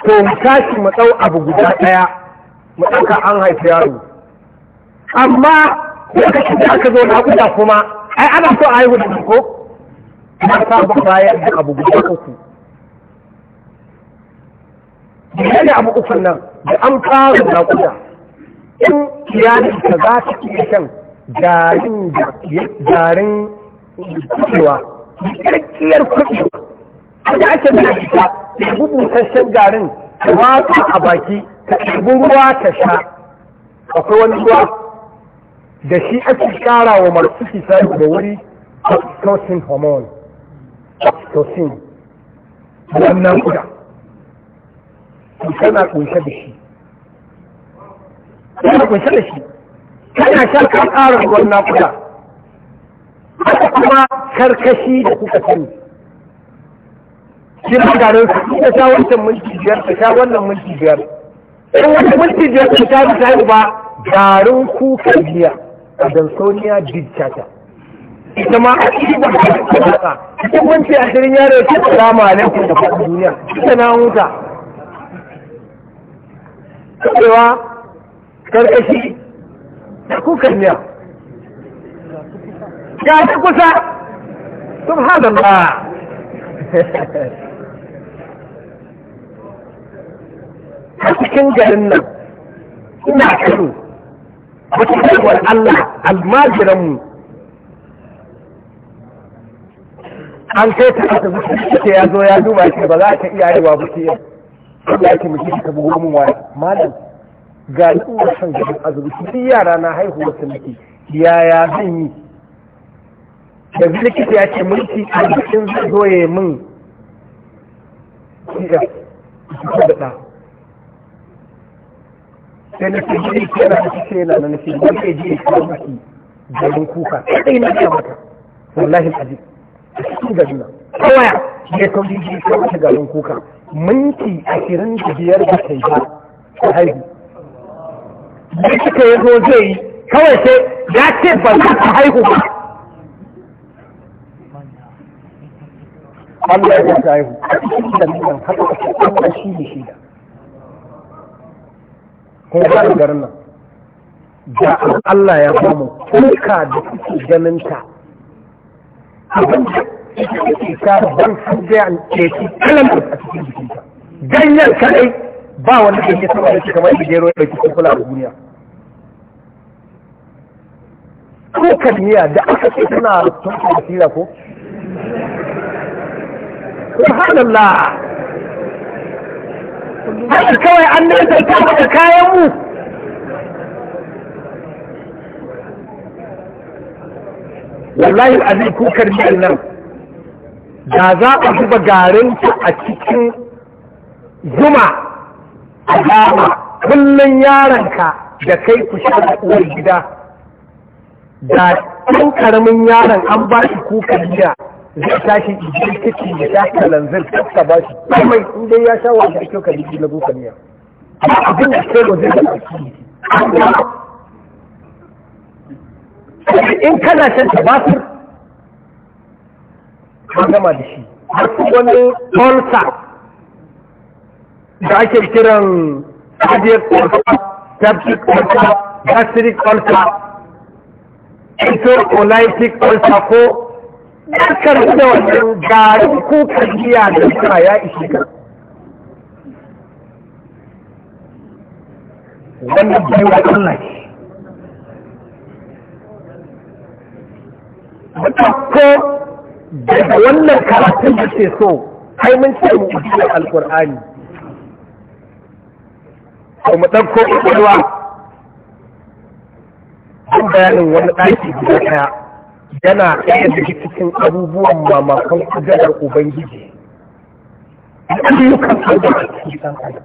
to kashi tashi abu guda ɗaya, mu an haifi yaro amma lokacin da aka zo na kuma ai ana so a yi da ko na saba bayar da abu guda uku da abu uku nan da an fara naƙuda in iyalin ka za ta iya shan jarin jarin kuɗewa ƙirƙiyar kuɗewa da ake da ita da garin ta watsa a baki ta ɗabi ruwa ta sha akwai wani ruwa da shi ake ƙara wa masu fita da wuri oxytocin hormone oxytocin wannan kuda kana kunshe da shi kana kunshe da shi kana shan ka ƙara wannan kuda haka kuma karkashi da kuka sani kira garin su ita sha wancan mulki biyar ta sha wannan mulki biyar in wata mulki biyar ta sha ta yi ba garin kuka biya a dansoniya dictata ita ma a cikin da haka cikin wanci a shirin yaro ya ce salamu alaikum da faɗin duniya ita na huta cewa karkashi da kukan miya ya ta kusa subhanallah a cikin garin nan ina kano wata kalwar Allah almajiranmu an kai ta asibiti likita ya zo ya duba shi ba za ka iya yi wa buki yau ya ce shi ka bugo min waya malam ga ina son gaban azurushi. duk yara na haihuwa su yaya zan yi da likita ya ce mulki a jikin zo ya yi min da ɗa sai na ce jiri yana da shi na nufi wani ke kuma miki kuka sai na ce mata wallahi al'ajibi a cikin garin nan kawai ya kauri ji ta wata garin kuka minti ashirin da biyar da kai ba ta haihu da kika ya zo zai yi kawai sai ya ce ba za ta haihu ba Allah ya ta haihu a cikin garin nan haka ta Allah shi ne shi da ba da garin nan da Allah ya bamu kuka da kuke ganin ta ganyen kadai ba sama da shi kamar da gero ya ɗauki kula da duniya ko da aka ce da sira ko subhanallah haka kawai an nan ta kayan mu wallahi azai kukar miyan nan da za a zuba garinta a cikin zuma a dama kullum yaranka da kai ku sha uwar gida da ɗan ƙaramin yaron an ba shi kukar miya zai tashi ijiyar ciki da ya kalanzir tafka ba shi komai in dai ya sha wa da kyau jiki na kukar miya abin da ke wajen da ake in kana shan tabasir ba gama da shi har wani olsa da ake kiran cardiac ulcer gastric ulcer gastric ulcer intercolitic ulcer ko Dakar da wannan garin ko kajiya da suna ya ishe ka. Wannan biyu Allah ne. ko daga wannan karatun da ke so kai mun ce mu ujiyar alkur'ani ko mu ɗauko ƙwaƙwalwa don bayanin wani ɗaki guda ɗaya yana ɗaya daga cikin abubuwan mamakon kujerar ubangiji ayyukan abubuwan cikin adam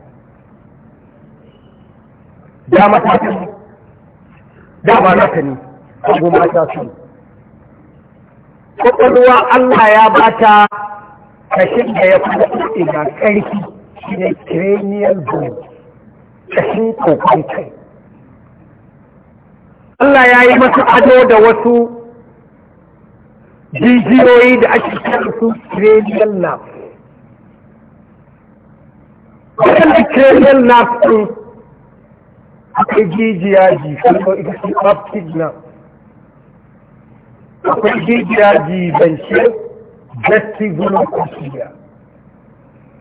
da matakin da ba ta ne ko ta su kwakwalwa Allah ya bata kashin da ya kuma kuɗi ga ƙarfi shi ne cranial bone kashin kokon kai Allah ya yi masu ado da wasu jijiyoyi da ake kira su cranial nerve waɗanda cranial nerve ɗin akwai jijiya jifin ko ita su optic nerve akwai jijiya jibance vestibular cochlea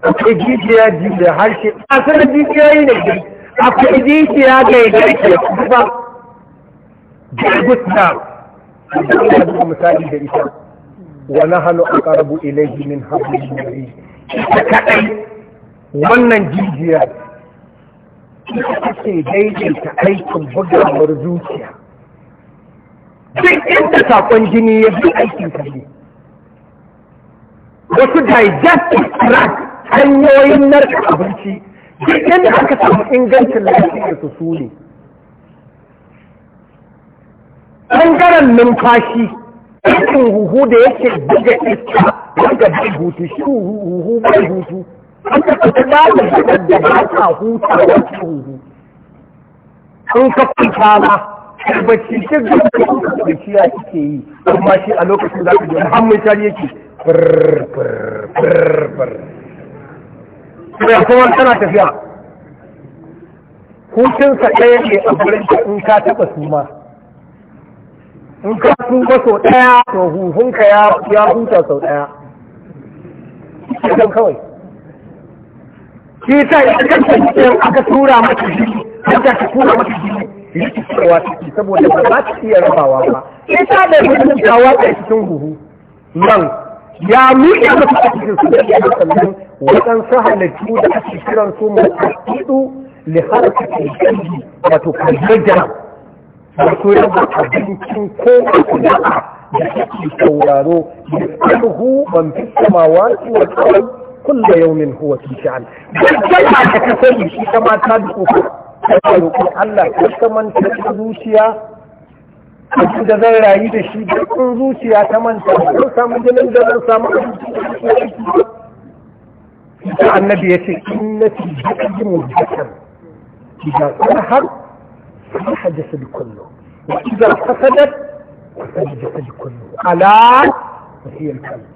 akwai jijiya jibin harshe asalin jijiyoyi ne ke akwai jijiya ga yadda ke kuma jirgus na da misali da ita wani hannu a ƙarabu ilaihi min haɗin yari ita kaɗai wannan jijiyar ita ce daidaita aikin bugawar zuciya duk inda sakon jini ya fi aikin ka ne wasu digestive tract hanyoyin narka abinci duk inda aka samu ingancin lafiya su su ne ɓangaren numfashi aikin huhu da yake buga iska buga bai hutu shi huhu bai hutu an ka ba da da ba ta hutu a huhu an ka kwanta ma tabbaci duk da kwanciya suke yi amma shi a lokacin za ka ji muhammad shari yake fir ya kuma tana tafiya hutunsa ɗaya ne a gurin in ka taɓa suma in ka suma sau ɗaya to ya huta sau ɗaya kawai ta yi aka tura aka tura mata rikicewa ciki saboda ba za ta iya rabawa ba sai ta da rubutawa a cikin huhu nan ya miƙa masa a cikin su da ya sannan waɗansu halittu da ake kiran su matakidu li ke jirgi wato kalmajar wato yadda abincin ko kuma da ake sauraro da alhu ban fi samawa wa kawai kulla yaumin huwa fi sha'an. Gaskiya da ka sani ta ma ta duka kana roƙon Allah ka kaman ta zuciya abin da zan rayu da shi da kun zuciya ta manta zan samu jinin da zan samu ta annabi ya ce in na fi ji mujatan idan kun har sai hajjasa da kullu wa idan fasadat fasad jasadi kullu ala wasiyar kallu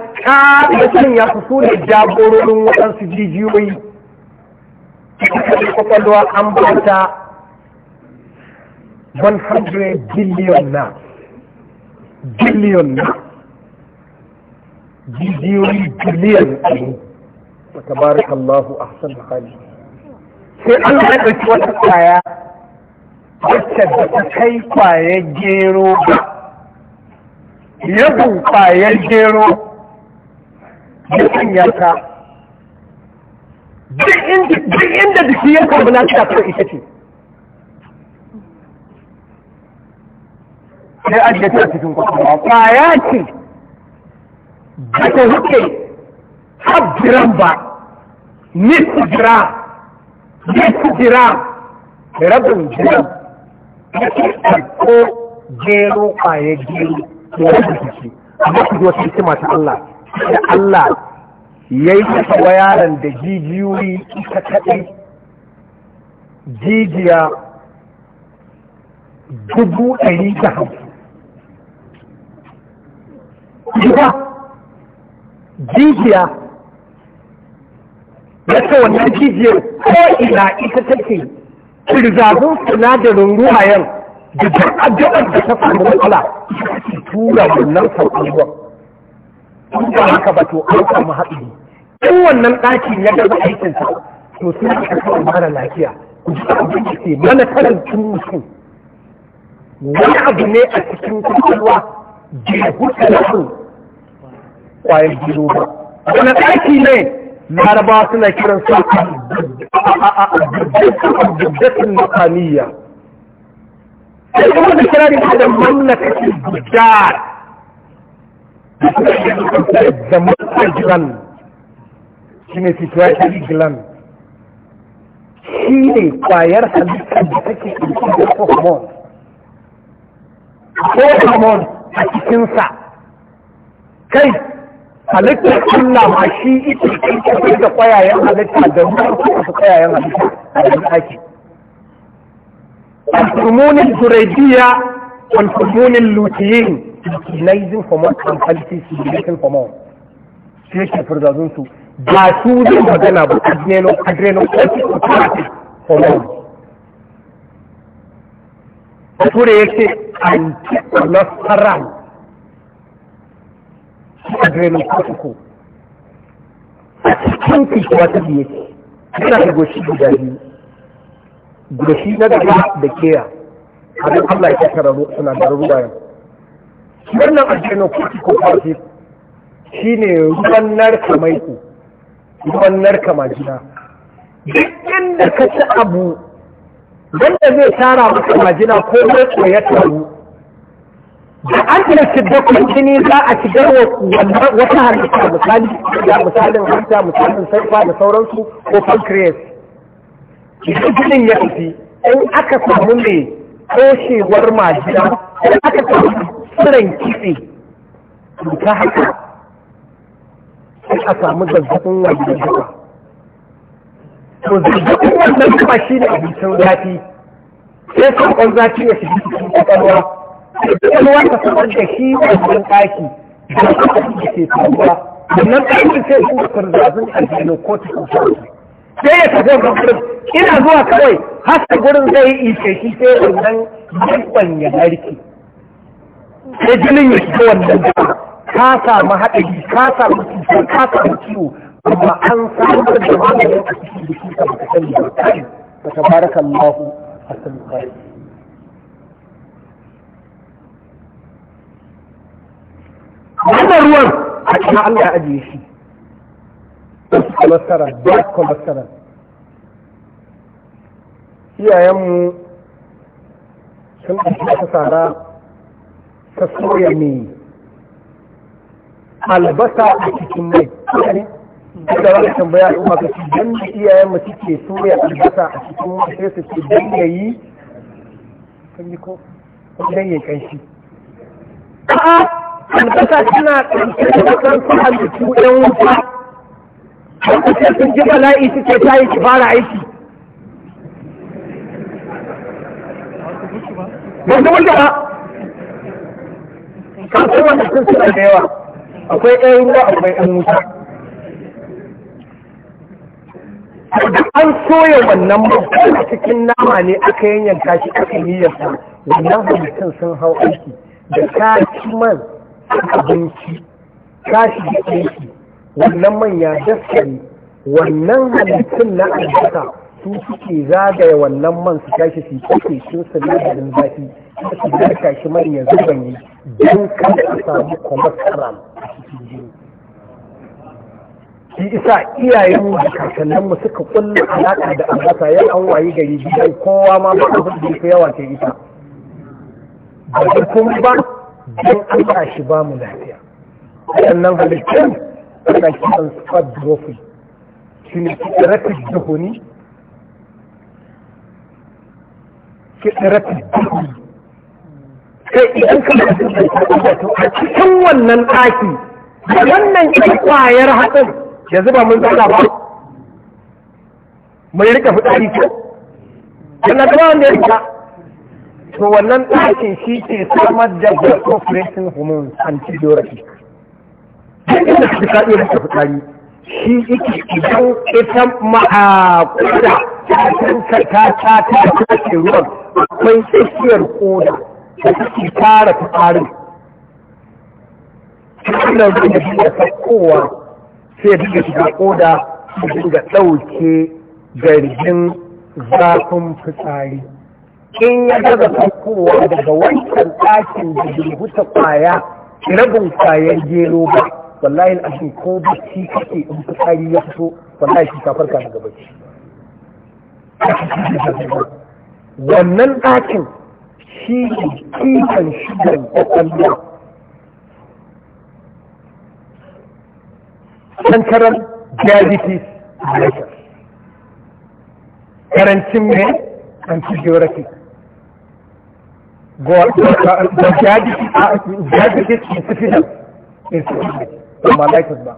ƙaɗa sanya ya fi ne jagororin waɗansu jijiyoyi kwakwalwa an ba ta 100 billion na billion na jijiyoyi biliyan ne wa tabarakallahu ahsan hali sai an ya ɗauki wata kwaya wacce da ta kai kwayar gero ba yabin kwayar gero ya sanya duk inda jiki ya samu lafiya ita ce sai ajiye ta cikin kwakwalwa kwaya ce ba ta huke habjiran ba nisu jira nisu jira rabin jira na ko gero kwaye gero ko wata jiki amma ku hikima ta Allah da Allah ya yi kafa yaran da jijiyoyi ita kaɗai jijiya dubu ɗari da hamsin jijiya ya ce wannan jijiyar ina ita take kirzazin sinadarin ruwayen da jama'ar da ta faru matsala ita ce tura wannan sauƙi in ba haka ba to an samu haɗari in wannan ɗakin ya gaza aikinsa to sai ka kawo mara lafiya ku ji abin da ke mana karancin mutum wani abu ne a cikin kwakwalwa da huta na su kwayar jiro ba wani ɗaki ne laraba suna kiran su abdubbatun makaniya sai kuma da kira da adam mamlaka ce gudanar da matsar gland shi ne pituitary gilan shi ne kwayar halittar da take ɗauki da hormone ko hormone a cikinsa kai halittar Allah ma shi ita kai da kwayayen halitta da ruwan su kwayayen halitta a ɗaki. Al-Hurmunin Turebiya والحصون اللوتيين لوتينايزين فمون and quality simulation فمون shirke firzazun su ba su zai magana ba adreno adreno hormone ture ya ce anticholesterol adrenocortico a cikin kishi wata biye yana da goshi guda biyu goshi na gaba da keya abin Allah ya ruwa suna da ruwa wannan kwaki ko kwaki shi ne ruwan narka mai ku ruwan narka majina duk inda ka ci abu wanda zai tara maka majina ko mai ya taru da an tana shidda jini za a ci shigar wata halitta misali da misalin hanta misalin saifa da sauransu ko pancreas idan jinin ya fi, in aka samu mai toshewar majina da aka samu tsiran kitse ta haka sai a samu zazzabin wannan zuba to zazzabin wannan kuma shi ne abincin zafi sai sakon zafi ya shiga cikin kwakwalwa kwakwalwa ta samar da shi wannan ɗaki da aka da ke faruwa wannan ɗakin sai su da zazzabin aljanu ko ta kusa sai ya tafi wannan gurin ina zuwa kawai haka gurin zai yi isheki sai wannan jikon ya narki sai jinin ya shiga wannan jikon ka samu haɗari ka samu cuta ka samu ciwo amma an samar da maganin a cikin jiki ka baka sani ba kai ba tabarakallahu hasan kai wannan ruwan a cikin Allah ya ajiye shi cholesterol bad cholesterol iyayenmu sun ɗauki ta tsara ta soya mai albasa a cikin mai da wani tambaya al'umma ka ci don da iyayenmu suke soya albasa a cikin mai sai su ce don ya yi kan yi ko don ya kanshi a'a albasa tana da su halittu wuta sai sun ji bala'i suke ta yi ki fara aiki wanda wanda ba kafin wanda sun suna da yawa akwai ɗan ruwa akwai ɗan wuta da an soya wannan mutum cikin nama ne aka yanyanka shi aka yi wannan halittun sun hau aiki da kashi man abinci kashi aiki wannan manya daskari wannan halittun na albata su suke zagaya wannan man su tashi su kake shi sinadarin zafi su zarka shi man ya yi don kada a samu karam a cikin jini shi isa iyayen da kakannin mu suka kulla alaƙa da albata ya an wayi gari gidan kowa ma ba abin da yake yawa ce ita ba kuma ba don an shi ba mu lafiya waɗannan halittun ana kiran squad dropin shi ne rapid duhuni rapid duhuni sai idan ka da a cikin wannan ɗaki da wannan ita kwayar haɗin. ya zuba mun zaga ba mun rika fitsari ko wannan kuma wanda ya rika to wannan ɗakin shi ke samar da blood circulation hormones antidiuretic cikin da suka kaɗe masa fitsari shi yake idan ita ma'akuda ta ta ta ta ta ce ruwan akwai tsakiyar koda da take tara fitsarin cikin da ruwan da dinga sakkowa sai dinga shiga koda su dinga ɗauke garjin zafin fitsari in ya gaza sakkowa daga wancan ɗakin da bai kwaya rabin kwayar gero ba wallahi al'ashin ko shi kake in fitsari ya fito wallahi shi ka farka daga bacci wannan ɗakin shi ne kitan shigan ƙwaƙwalwa sankaran gravity pressure karancin mai antibiotic ba lipid ba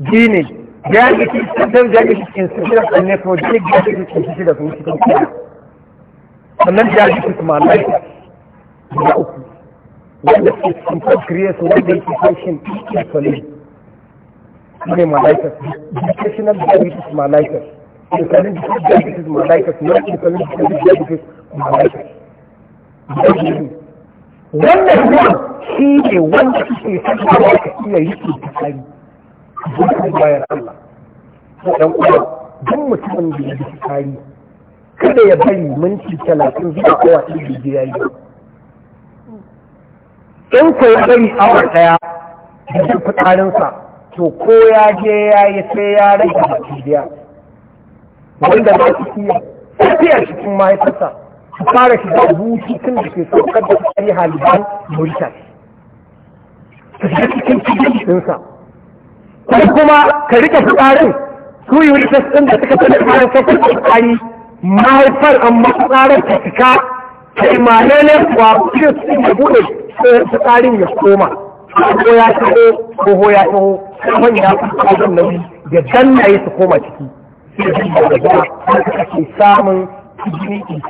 b ne da cikin sannan uku wanda ke cikin wanda yake ne malaikas malaikas malaikas malaikas wannan shi ne wanda ke da ka iya yake tsari zuwa bayan Allah ko ɗan uwa duk mutumin da ya yi tari, kada ya bari minti talatin zuwa awa ɗin da ya yi in ko ya bari awa ɗaya da zai fitsarinsa to ko ya je ya yi sai ya rage da cibiya wanda ba su iya tafiya cikin mahaifarsa su fara shiga buci tun da ke saukar da tsari halibar murtani ka shiga cikin cikinsa kuma ka rika fitsarin su yi wani sassan da suka sanar bayan sassan fitsari mahaifar amma fitsarin ta fita ta imanene wa su bude fitsarin ya koma ko ya shigo ko ya shigo ya ya ya su koma ciki sai ya ke samun jini in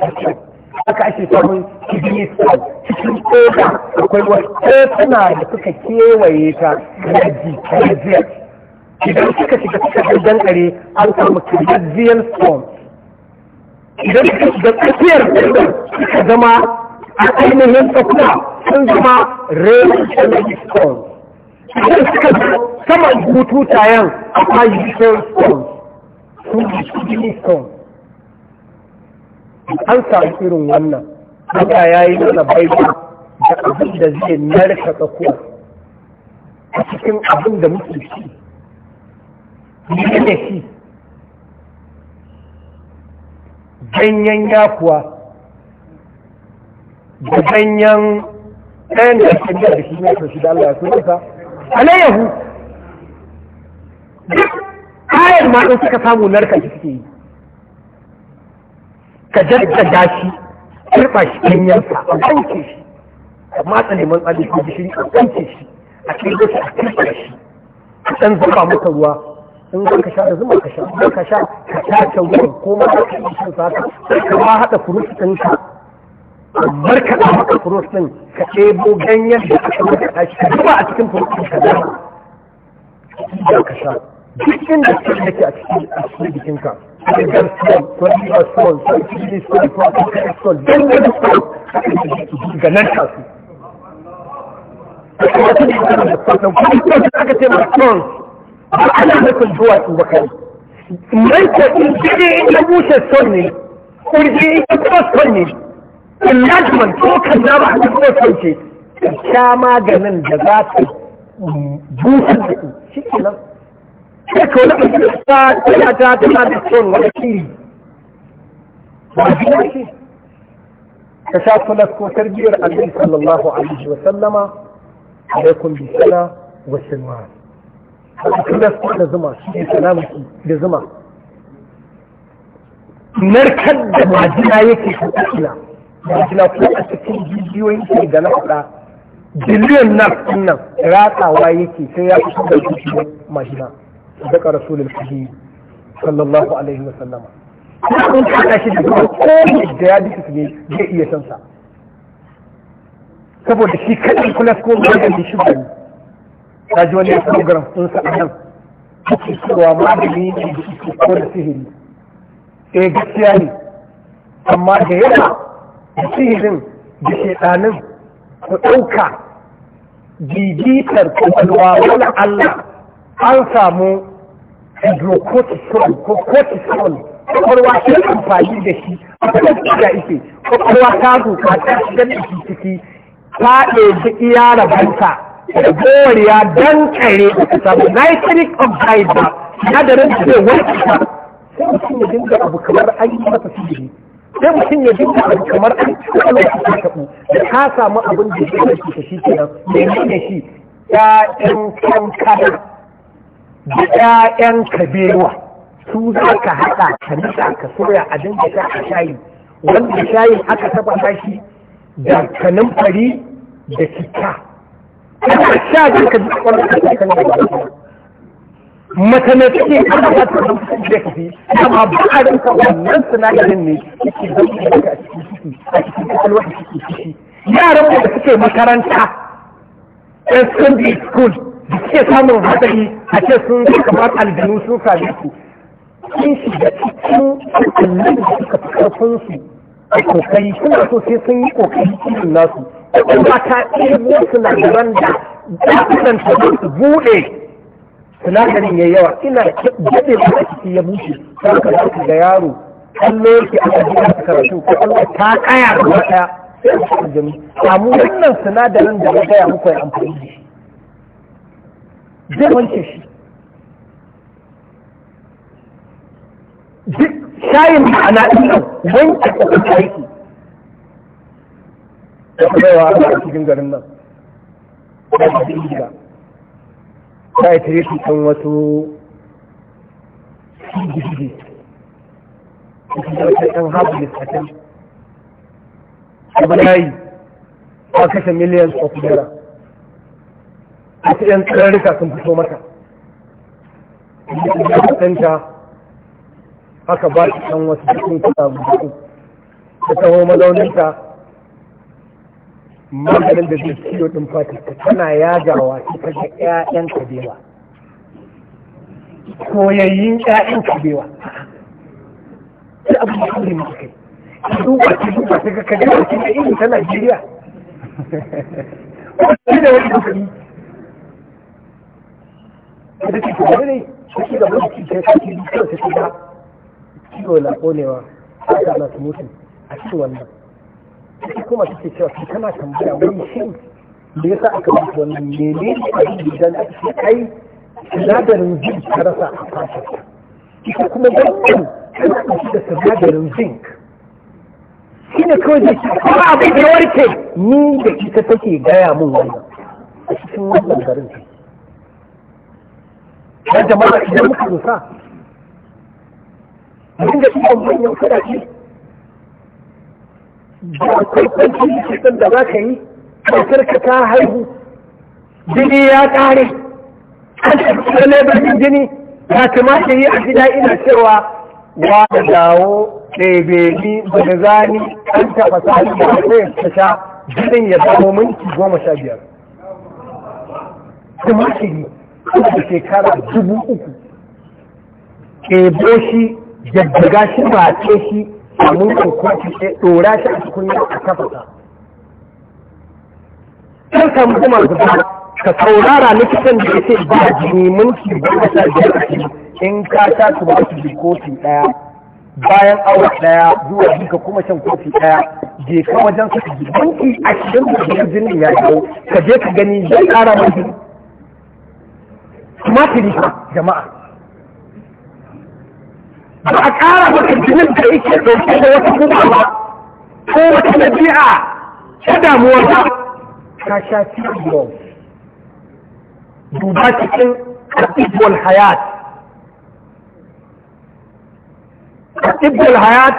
aka ake samun kidney stone cikin koda akwai wasu tana da suka kewaye ta kaji kajiya idan suka shiga suka dangan kare an samu kajiyan stone idan suka shiga tsakiyar dangan suka zama a ainihin tsakuna sun zama rayuwar stone idan suka saman bututayen a kajiyar stone sun ji kidney stone an samu irin wannan haka ya yi mana baita da abin da zai narka tsako a cikin abin da muke ci ne shi ganyen yakuwa da ganyen ɗayan da ake biya da shi ne su shi da Allah ya nisa alayyahu duk ayar ma in suka samu narka da suke yi ka da shi kirba shi ganyensa a wanke shi ka matsa neman tsali ko gishiri a wanke shi a kirɓa shi a kirba shi a ɗan zuba masa ruwa in ka sha da zuma ka sha in ka sha ka ta wuri ko ma ka yi shan sa ka ma haɗa furus ka kamar ka ɗan maka furus ɗin ka ɗebo ganyen da aka maka shi ka zuba a cikin furus ɗin ka ka sha duk inda ka yake a cikin jikinka rigar sol kwalliya sol sarki sol kwalliya sol don wani sol ga nan kasu wata ne kan da kwallon kuma da aka ce ma sol ba ana nufin duwatsu kai kuma ko maganin da za ta da sai ka wani ɗauki ta tana ta tana da son wani shiri ba biyar shi ka sha kula ko tarbiyyar annabi sallallahu alaihi wa sallama alaikum bi sala wa sinwa kula ko da zuma shi ne salamu da zuma narkar da majina yake a ƙasila majina ko a cikin jijiyoyin ke da na faɗa biliyan nan nan ratsawa yake sai ya fi da jijiyoyin majina daga rasulul kadim sallallahu alaihi wa sallama kun kada shi da ko komai da ya bisa su ne zai iya san sa saboda shi kadai kula ko mai da shi bane ta ji wani program sun sa nan ake cewa magani ne da shi ko da sihiri eh gaskiya ne amma da yawa da sihirin da shedanin ku ɗauka jijitar kwakwalwa wani Allah an samu hydrocortisone ko cortisone kwakwalwa ta amfani da shi a kan da ike kwakwalwa ta ruka ta shigar da shi ciki ta ɗauki iya rabanta da goriya don kare samu nitric oxide ba sinadarin da zai ta sai mutum ya dinga abu kamar an yi masa sihiri sai mutum ya dinga abu kamar an ci kwakwalwa ta da ka samu abin da zai wanke ta shi kenan mai ne shi ya'yan kankana da ƴaƴan kabewa su za ka haɗa ka nisa ka soya a dinga sha a shayi wanda shayin aka taba shi da kanin fari da citta ka sha da ka ji kwallon ka kan da mata na take kada ba ta zama da kafi amma ba a rinka wannan sinadarin ne yake zama da a cikin ciki a cikin kwakwalwa da ciki ciki yaran da suke makaranta ɗan sunday school da ke samun hadari a ce sun kamar aljanu sun sami su sun shiga cikin allon da suka fi karfin su a kokari suna so sai sun yi kokari cikin nasu kuma ta ɗebo sinadaran da ɗakunan ta su buɗe sinadarin ya yawa ina jaɗe ba a ciki ya bushe ta ka za ga yaro kallo yake a ajiyar ta karatu ko Allah ta kaya gaba ɗaya sai a cikin samu wannan sinadarin da ya gaya muku ya amfani da shi zai wanke shi duk shayin ana iya wanke ƙasar aiki da kuma a cikin garin nan da ta yi gida ta yi tare su kan wasu gidi da wata ɗan haɓu da satin abu na yi ta kashe miliyan of dollars wasu ‘yan tsararrika sun fito mata da ɗanta aka ba shi kan wasu cikin kuɗa buɗu ta taho mazauninta maganin da zai ciyo ɗin fata tana yajawa ta kaga ‘ya'yan kabewa koyayyin ‘ya'yan kabewa ta abu da kuri masu kai duba ta duba ta ga kajewa cikin irin ta Najeriya. Wani da wani da ke kuma ne shi da ke kaki ta na konewa a cikin wannan shi kuma take cewa shi tambaya wani shin yasa aka mutu wannan mene ne a gidan cikin ai sinadarin zinc ta rasa a fashin kuma wannan tana ɗauki da sinadarin zinc shi ne kawai zai kuma abin da warke ni da ita take gaya min wannan a cikin wannan garin na jama'a idan muka rusa a dinga ikon manyan kuɗaɗe da kwaikwanci likitan da za ka yi karkarka ta haihu jini ya ƙare an tafiya labarin jini Ya kamata yi a gida ina cewa wa da dawo ɗebeli da zani an tafasa, sa'adu da kwaikwanci ta sha jinin ya dawo minti goma sha biyar. Kuma shi da shekara dubu uku ƙebo shi jaddaga shi ce shi a mulkin kwanci ɗaya, ɗora shi a cikin a kafasa ɗan ka kuma zuba ka saurara likitan da ya ce ba jini minti goma sha biyar a in ka sha su ba su kofi ɗaya bayan awa ɗaya zuwa duka kuma shan kofi ɗaya je ka wajen su minti ashirin da jinin ya dawo ka je ka gani ya ƙara mutum. tumatiri jama'a ba a ƙara maka jinin da yake ɗauke da wata kuma ba ko wata ɗabi'a ta damuwa ba ka sha ciwo duba cikin ƙarfifon hayat ƙarfifon hayat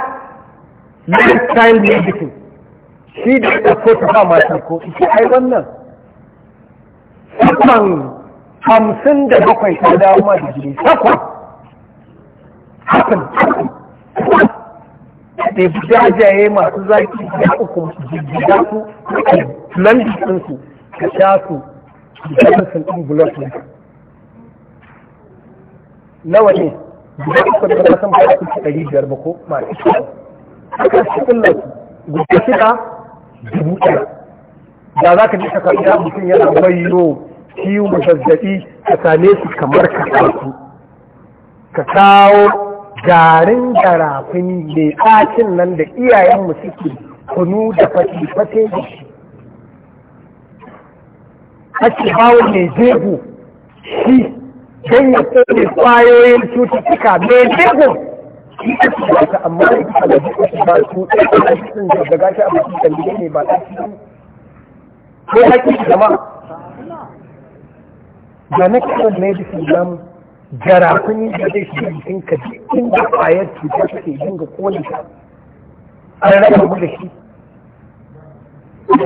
lifestyle medicine shi da ya ɗauko ta ba masu ko ita ai wannan hamsin da bakwai ta dawo ma da jini takwas hakan da jajaye masu zaki da uku jirgida su lalli ɗinsu ka sha su da sun ɗin bulat ne nawa ne guda uku da kasan ba su ci ɗari biyar ba ko ma ne haka su ƙullar su guda shida dubu ɗaya da za ka ji ka karɓi mutum yana wayo ciwon zazzaɓi ka same su kamar ka su ka kawo garin garafini mai ɗakin nan da iyayenmu suke kunu da fate-fate da shi ake bawo mai jego shi don ya kone kwayoyin cututtuka mai jego shi ake ba ta amma da ita da shi, ba su ɗaya da sun zazzaga shi a bakin ne ba ɗaki ko haƙi jama'a da na kiran jara kun yi da zai shi jikin ka jikin da kwayar cuta ta ke dinga kone ka yana raba mu da shi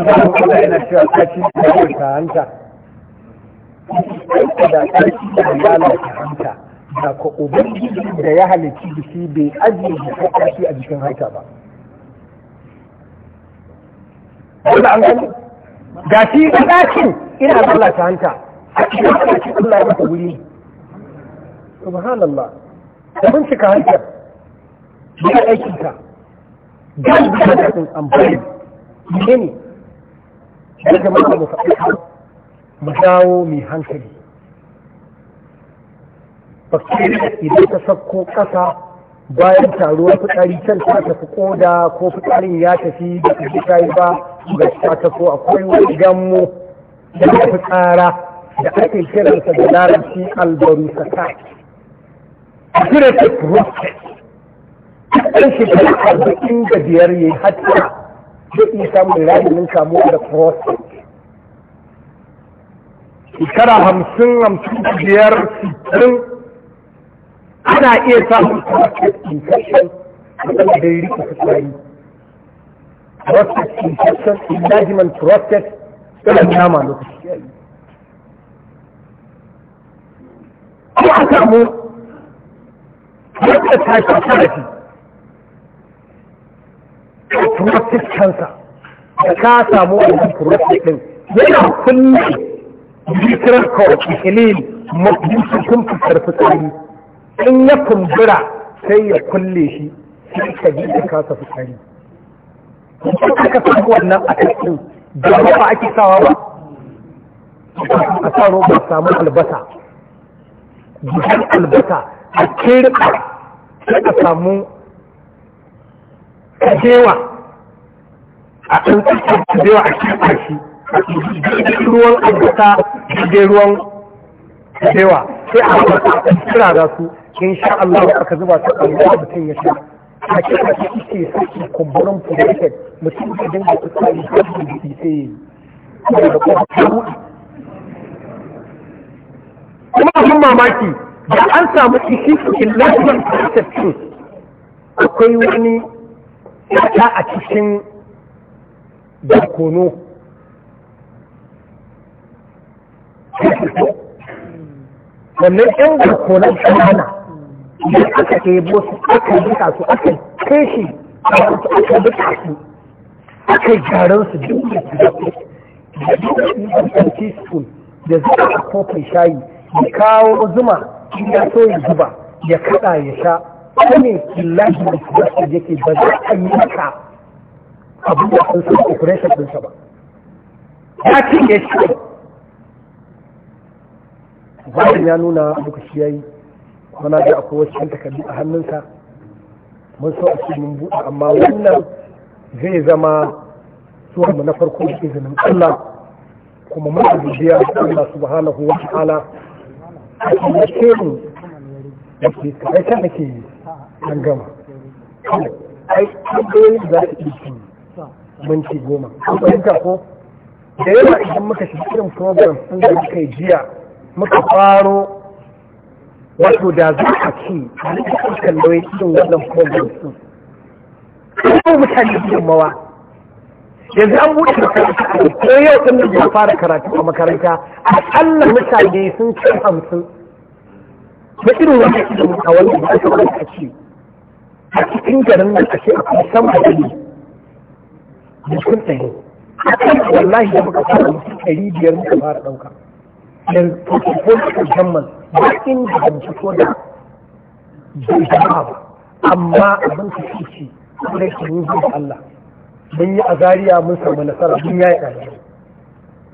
da mu kuma yana cewa kaci da yau ta hanta da kaci da lalata hanta da ka ubangiji da ya da shi bai ajiye jikin kaci a jikin haita ba wanda an gani ga shi ɗakin ina lalata hanta a Allah masa wuri subhanallah da mun cika hankar da aiki ka dan da kafin amfani ne ne da jama'a mu faɗi mu dawo mai hankali bakteriya idan ta sako ƙasa bayan taruwar fitsari can ta tafi koda ko fitsarin ya tafi da ta yi ba ga ta tafi akwai wani gammo da ta tsara. da ake kiransa da larabci albarusata a kira ta prostate ɗan shekara arba'in da biyar ya yi hatta zai iya samun rayuwar kamuwa da prostate shekara hamsin hamsin da biyar sittin ana iya samun prostate infection a kan da ya rika fitsari prostate infection enlargement prostate tana nama lokaci ko a samu wanda ta shi sharafi a turotik kansa da ka samu wannan turotik ɗin yana kunne jikirar kawai ilil mafi sun fitar fitsari in ya kumbura sai ya kulle shi sai ka ji da kasa fitsari kuma aka samu wannan a cikin da ba ake sawa ba a sa roba samu albasa jihar albasa a kirka sai a samu kajewa a ɗan kajewa a kirka shi ruwan albasa da ruwan kajewa sai a kira da su in sha Allah ka zuba su Allah mutum ya sha a kira shi ke saki kumburin fulaiket mutum da dinga kusa da shi sai ya yi. kuma abin mamaki da an samu cikin cikin lafiyar tafsir akwai wani ta a cikin dakono. wannan yan dakonan kanana da aka ɗebo su aka yi su aka kai shi aka bita su aka yi garin su duk da su da duk da su da su da su da su da su da su da su da su da su da su ya kawo zuma ya so ya zuba ya kada ya sha kuma illahi da su yake ba za a yi maka abin da sun sun operation ɗinsa ba ya ci ya shi bayan ya nuna lokaci ya yi mana da akwai wasu yan takardu a hannunsa mun so a cikin buɗe amma wannan zai zama zuwa mu na farko da izinin Allah kuma mun abubuwa Allah subhanahu wa ta'ala a wace ne da ke yi gama za su minti goma an fahimta ko da yawa idan muka shiga irin program sun da muka yi jiya muka faro wato da za a ce a rikin kallon irin wannan program sun ko mutane mawa. yanzu an buɗe makaranta ko eh, yau ɗin da fara karatu a makaranta A aƙalla mutane sun kai hamsin na irin wani da a wani da aka wani kashi a cikin garin nan a a sama da ne A ɗari wallahi da muka fara mutum ɗari biyar muka fara ɗauka yanzu ko da jamman ba da hamsin ko da zai jama'a ba amma abin ka ce ce kuma da ke yi Allah mun yi a zariya mun samu nasara mun yayi ɗalibai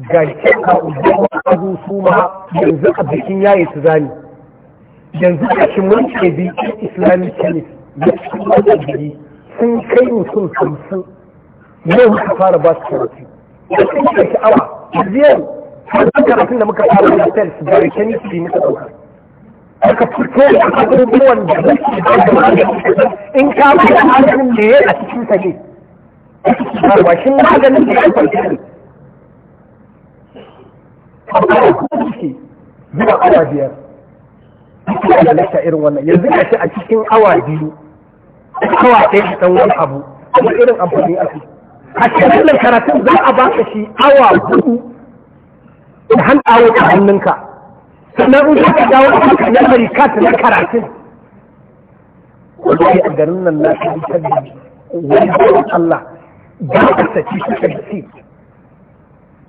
ga shekka a abu su ma yanzu a bikin yayi su zani yanzu a cikin mun ke bi islami tennis ya cikin wajen biyi sun kai mutum hamsin yau muka fara ba su karatu da ci ke sha'awa yanzu yau har sun karatun da muka fara da tennis da tennis ne muka ɗauka aka fito da abubuwan da ke da in ka ba da hankalin ne a cikin sa ne barbashin maganin da ya farce ne amma da kuma suke zuwa awa biyar suke da ya lakta irin wannan yanzu ga shi a cikin awa biyu awa ɗaya da wani abu kuma irin amfani a su a cikin nan karatun za a ba ka shi awa hudu da hannu awo a hannunka sannan in ka dawo a kan yamari ta na karatun wanda ke a garin nan na kan wani Allah ba ka saki shi kan ci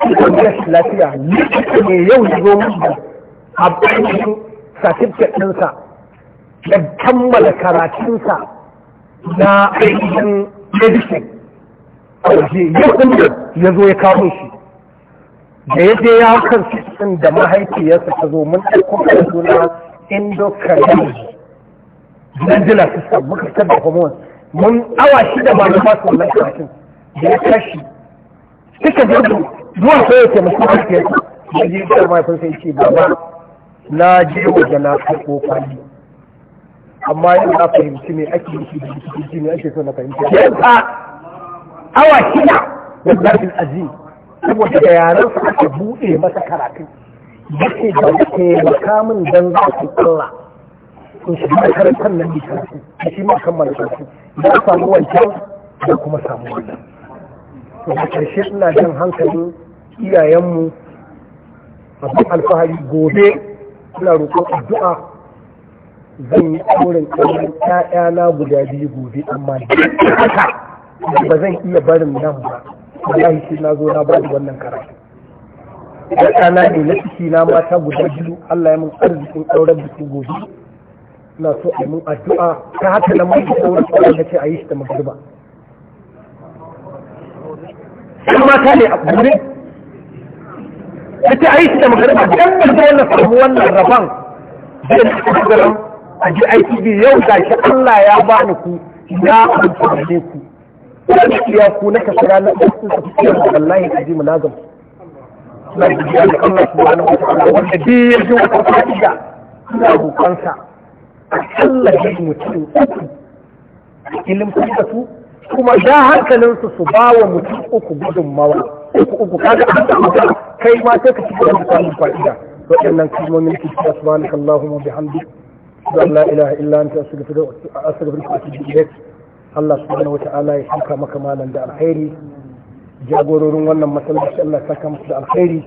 cikin rashin lafiya likita ne yau zo musu a bayan certificate ɗinsa da kammala karatunsa na ainihin medicine a waje yau ya zo ya kawo shi da ya je ya kan cikin da mahaifiyarsa ta zo mun ɗauko da suna endocrinology glandular system muka da hormones mun awa shida ba na fasu wannan karatun da ya tashi suka jirgin zuwa sai ya taimaki mahaifiyar da ji da mahaifin sai ce ba na je waje na karɓo kwali amma yau na fahimci ne ake yi da likitoci ne ake so na fahimci yanzu awa shida da zafin azim saboda da yaran su aka buɗe masa karatu ce da ke min don za su kalla in shi karatun nan da shi ma kammala karatu ya samu wancan da kuma samu wannan da karshe ina jan hankalin iyayenmu abin alfahari gobe ina roƙon addu'a zan yi ɗaurin ƙarfin ƴaƴana guda biyu gobe amma ba zan iya barin nan ba wallahi shi na zo na ba da wannan karatu ƴaƴana ne na ciki na mata guda biyu Allah ya mun arzikin ƙaurar da su gobe ina so a yi mun addu'a ta haka na mun ɗaurin ƙarfin da ce a yi shi da magariba ɗan mata ne a gure ita a yi da magana ba dan da wannan samu wannan rabon zai na kusurin a ji ITV yau ga shi Allah ya ba ni ku ya amfani ku ya ku na kasara na ɗansu da kusurin da wallahi a ji munazam na jiya da Allah subhanahu wa ta'ala wanda bi ya ji wata fa'ida ina roƙonsa a tallafi mutum uku ilimtar da su kuma da hankalinsu su ba wa mutum uku gudunmawa uku uku kaga an samu kai ma sai ka ci gaba da samun fa'ida waɗannan kalmomin ki ta subhanaka allahumma bihamdi la ilaha illa anta astaghfiruka wa ilayk Allah subhanahu ya maka da alkhairi jagororin wannan masallaci Allah ya saka musu da alkhairi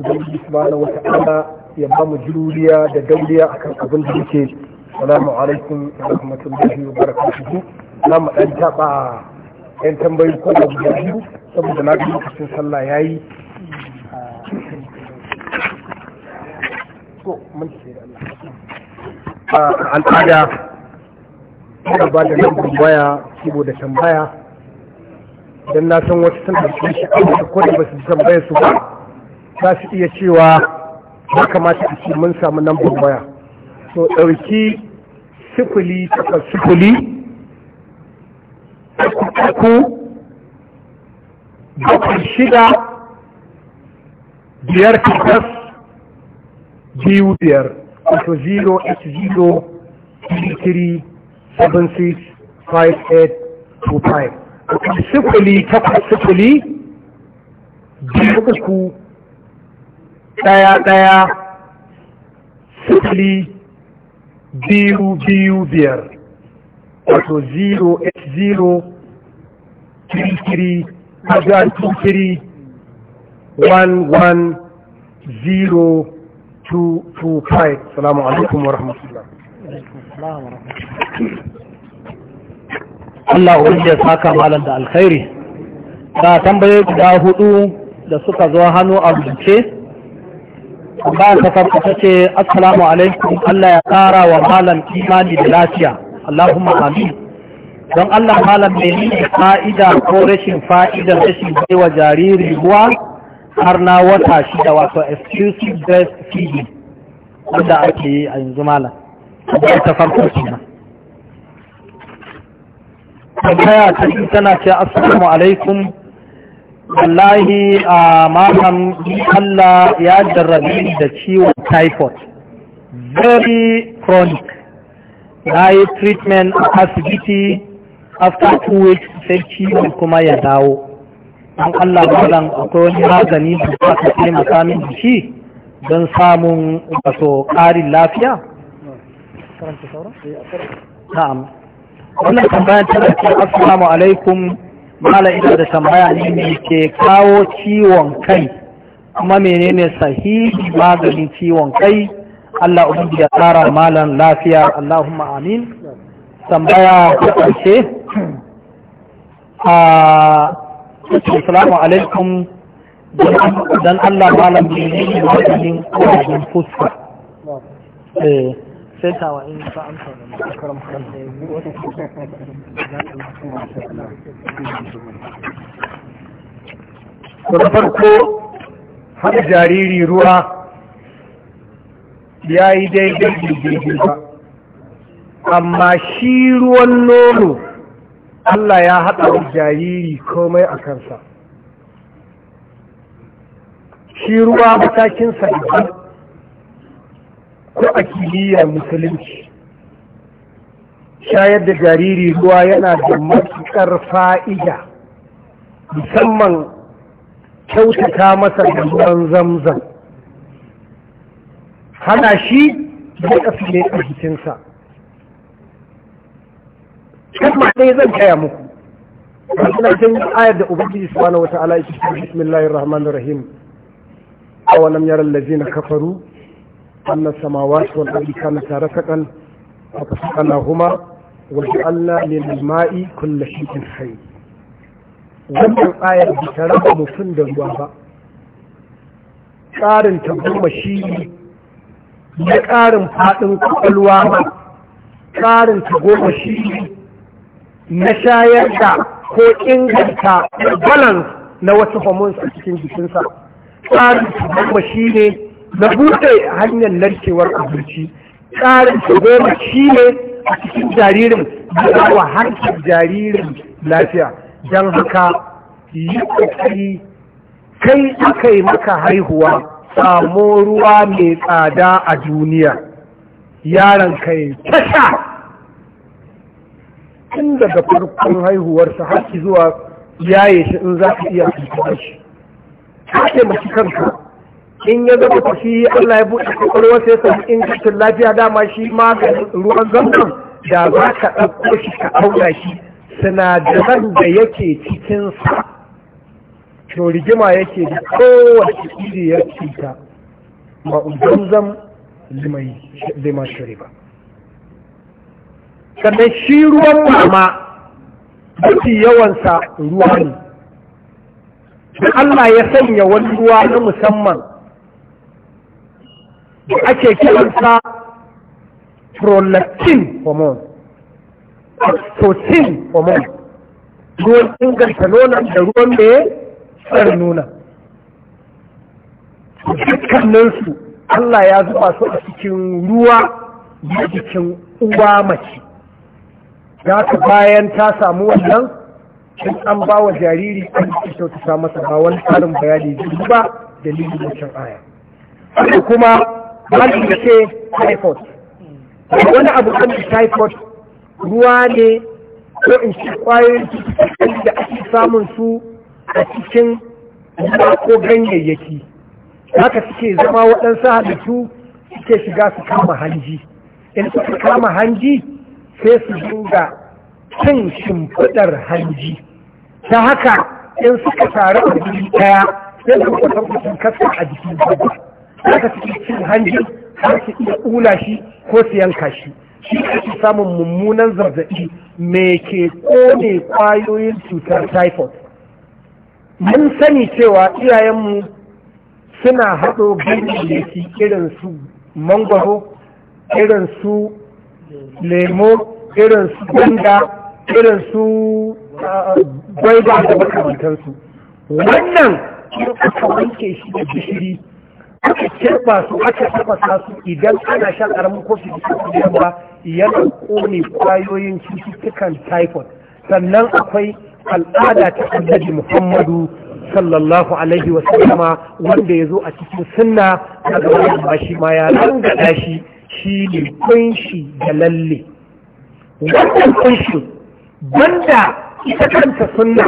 ubangiji subhanahu wata'ala ya ba mu juriya da dauriya akan abin da yake assalamu alaikum wa rahmatullahi wa na mu ɗan taɓa yan tambayi ko da guda biyu saboda na ga lokacin sallah ya yi al'ada ta ba da nan tambaya saboda tambaya dan na san wasu sun ɗauki shi amma ko da ba su tambaya su ba za su iya cewa ya kamata a ce mun samu nan tambaya so ɗauki sifili takwas sifili uku bakwai shida biyar takwas biyu biyar wato 0 33 76 58 25 sifili takwas sifili biyu uku ɗaya ɗaya sifili biyu biyu biyar wato 0 0 three salamu alaikum wa rahmatullah Allah wani ya saka malam da alkhairi ta tambaye guda hudu da suka zo hannu a rubuce ba ta farko ta ce assalamu alaikum Allah ya kara wa malam imani da lafiya Allahumma amin don Allah malam mai nuna fa'ida ko rashin fa'idar rashin bai jariri ruwa har na wata shida wato exclusive breast feeding wanda ake yi a yanzu malam da ta farko kenan tambaya ta yi tana ce assalamu alaikum wallahi a malam Allah ya jarrabe da ciwon typhoid very chronic na yi treatment a asibiti after two weeks sai ciwon kuma ya dawo an Allah malam akwai wani magani da za ka taimaka min da shi don samun wato ƙarin lafiya? Eh, Na'am. Wannan tambayar ta ce Assalamu alaikum mala ina da tambaya ne me ke kawo ciwon kai kuma menene sahihi maganin ciwon kai Allah ubangiji ya tsara malam lafiya Allahumma amin. Tambaya ta ƙarshe Assalamu alaikum don Allah malam ne ne wajen fuska. Eh, sai tawa in sa amsa da makarar makaranta ya yi wata farko har jariri ruwa ya yi daidai da ba. Amma shi ruwan nono Allah ya haɗa wa jariri komai a kansa shi ruwa matakinsa daban ko a kimiyyar musulunci shayar da jariri ruwa yana da matuƙar fa'ida musamman kyautata masa da ruwan zamzam hana shi da ƙafi ne a jikinsa kalma ɗaya zan kaya muku suna cin ayar da ubangiji subhanahu wa ta'ala yake cikin bismillahir rahmanir rahim awalam yaral ladzina kafaru anna samawati wal ardi kanata ratakan fatasqanahuma wa ja'alna lil ma'i kulli shay'in hayy wannan ayar ba ta raba mutum da ruwa ba ƙarin ta goma shi ne ƙarin faɗin ƙwaƙwalwa ba ƙarin ta goma shi ne na shayar da ko inganta balance na wasu hormones a cikin jikinsa tsarin su goma shi ne na buɗe hanyar narkewar abinci tsarin su goma shi ne a cikin jaririn da wa harshen jaririn lafiya don haka yi ƙoƙari kai aka yi maka haihuwa samo ruwa mai tsada a duniya yaron kai tasha tun daga farkon haihuwarsa har ki zuwa yaye shi in za ka iya cutar shi ka taimaki kanka in ya zama ta shi Allah ya buɗe kwakwalwar ya sami ingancin lafiya dama shi ma ruwan zamzam da za ka ɗauko shi ka auna shi sinadaran da yake cikinsa to rigima yake da kowace iri ya cuta ma'udan zam lima shari'a sannan shi ruwan mama mafi yawansa ruwa ne Allah ya sanya wani ruwa na musamman da ake kiransa prolactin hormone oxytocin hormone ruwan inganta nuna da ruwan ya tsar nuna dukkaninsu Allah ya zuba su a cikin ruwa da cikin uwa mace za ka bayan ta samu wannan in an ba wa jariri an ci ta masa ba wani tsarin bayani duk ba dalilin wancan aya haka kuma wani da ce typhoid wani abu kan typhoid ruwa ne ko in ci kwayoyin cikin da ake samun su a cikin ruwa ko ganyayyaki haka suke zama waɗansu halittu suke shiga su kama hanji in suka kama hanji sai su dinga cin shimfiɗar hanji ta haka in suka taru a jiri ɗaya sai su kusan kusan kasa a jikin dabba haka suke cin hanji har su iya ƙula shi ko su yanka shi shi ake samun mummunan zazzaɓi Me ke ƙone ƙwayoyin cutar typhoid mun sani cewa iyayenmu suna haɗo ganyayyaki irin su mangwaro irin su lemo irin su ganga irin su gwaiba da makamantarsu wannan in aka wanke shi da gishiri aka kirba su aka tafasa su idan ana sha karamin kofi da kofi yamma yana kone kwayoyin cututtukan typhoid sannan akwai al'ada ta annabi muhammadu sallallahu alaihi wasallama wanda ya zo a cikin sunna daga wani ma shi ma ya rangada shi shi ne kunshi da lalle wannan kunshi banda ita kanta sunna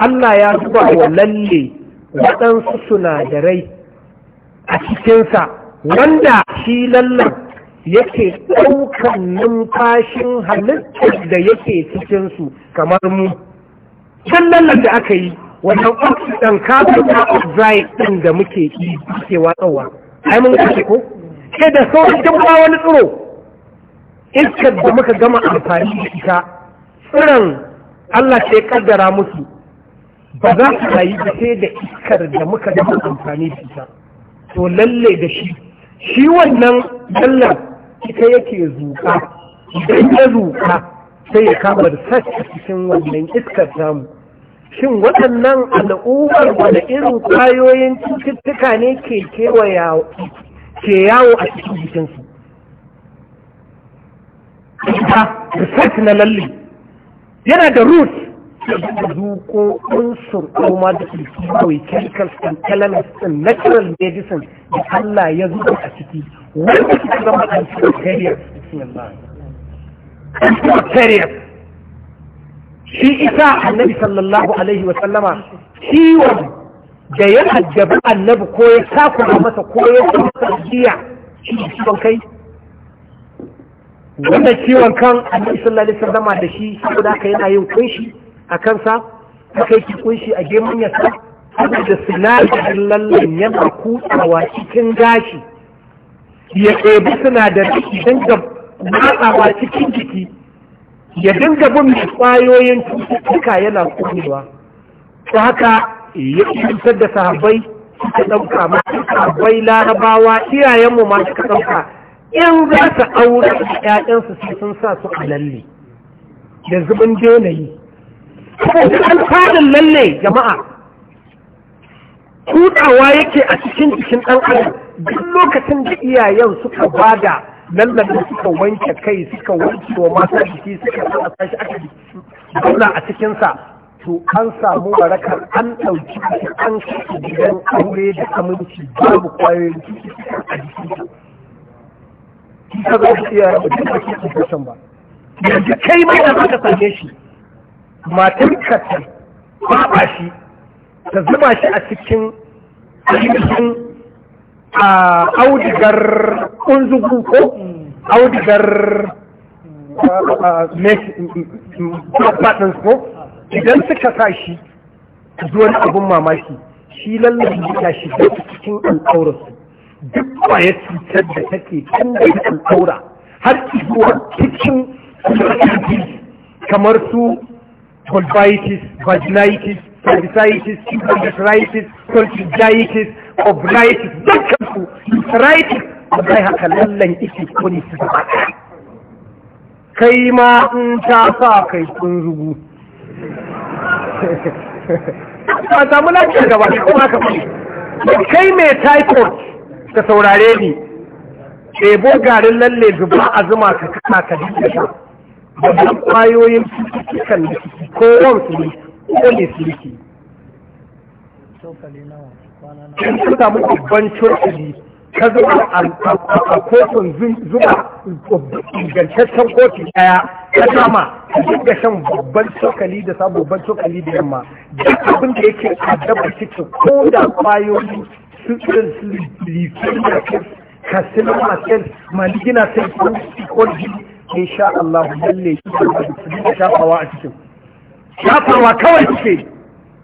Allah ya zuba wa lalle waɗansu sunadarai a cikinsa wanda shi lallan yake ɗaukan numfashin halittar da yake cikinsu kamar mu can lallan da aka yi wannan oxygen carbon dioxide ɗin da muke yi ke watsawa ai mun ko ke da sauƙin ba wani tsiro iskar da muka gama amfani da ita tsiron Allah ce kaddara musu ba za su rayu da sai da iskar da muka gama amfani da ita to lalle da shi shi wannan lallar ita yake zuka idan ya zuƙa sai ya kama da sashi cikin wannan iskar tamu shin waɗannan al'ummar wani irin kwayoyin cututtuka ne ke kewaya ke yawo a cikin jikinsu ita research na lalle yana da root da zuko unsur kuma da ilki kawai chemicals and elements and natural medicine da Allah ya zuba a ciki wanda suka zama anti-bacterial bismillah anti-bacterial shi isa annabi sallallahu alaihi wa sallama ciwon da ya hajjabi annabi ko ya a masa ko ya masa jiya shi ciwon kai wannan ciwon kan annabi sallallahu alaihi wasallam da shi saboda ka yana yin kunshi a kansa aka yi kunshi a gemun yasa da sinadarin lallan yana kutsawa cikin gashi ya ɗebi sinadarin idan ga matsawa cikin jiki ya dinga bin kwayoyin cututtuka yana kunewa ta haka ya cutar da sahabbai suka ɗauka masu sahabbai larabawa iyayenmu ma suka in za su aure ‘ya'yansu sai sun sa su a lalle da zubin dena an fadin lalle jama'a kutawa yake a cikin cikin ɗan adam duk lokacin da iyayen suka bada da suka wanke kai suka wanke wa masu jiki suka sa shi aka zauna a cikinsa to an samu barakar an ɗauki an kashe gidan aure da aminci babu kwayoyin cututtuka a jikinta ka za su iya duk da ke kusurcin ba yanzu kai mai da zaka same shi matar ka ba shi ta zuba shi a cikin ainihin a audigar kunzugu ko audigar faɗin mm, mm, mm, ko idan suka sa shi zuwan abin mamaki shi lallai ya shiga cikin al'aurarsu duk kwaya cutar da take can da al'aura har zuwa cikin kamar su vulvitis, vaginitis, cervicitis, uteritis, tonsillitis, ovulitis, dukkan su uteritis wallahi haka lallan ike kone su kai ma in ta sa kai sun rubu ba samu lafiyar gaba da kuma ka fi kai mai typhoid ka saurare ni Ebo garin lalle zuba a zuma ka kana ka dinka sha da kwayoyin cututtukan da ko wan suri ko ne ke Kan samu babban curkuli ka zama a kotun zuba ingantaccen kotun ɗaya, ka kama da shan babban cokali da sabon babban cokali da yamma duk abin da yake daba cikin ko da kwayoyi su ɗin su lifin da kasino market maligina sai ko kodi sha Allah lalle da shafawa a cikin shafawa kawai suke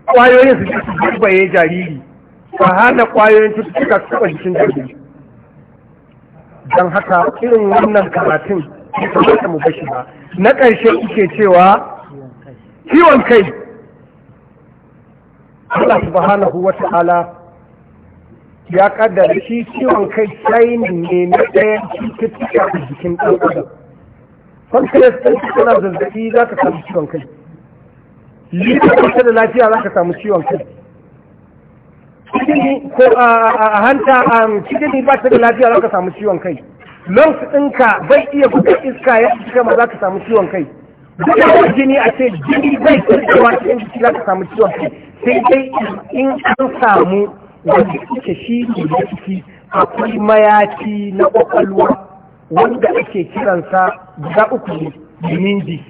kwayoyin su ji su baye jariri ba hana ƙwayoyin cututtuka su taɓa jikin jirgin don haka irin wannan karatun ya kamata mu bashi ba na ƙarshe kuke cewa ciwon kai Allah subhanahu wa ta'ala ya kaddara shi ciwon kai tsayin ne na ɗayan cututtuka a jikin ɗan adam pancreas kai, kuna zazzaɓi za ka samu ciwon kai likitan da lafiya za ka samu ciwon kai kidini ko a hanta a ba ta da lafiya za ka samu ciwon kai lungs ɗinka bai iya buga iska ya shiga ma za ka samu ciwon kai duk jini a ce jini bai a cikin jiki za ka samu ciwon kai sai dai in an samu wanda ita shi ne da ciki akwai mayaci na kwakwalwa wanda ake kiransa guda uku ne ji,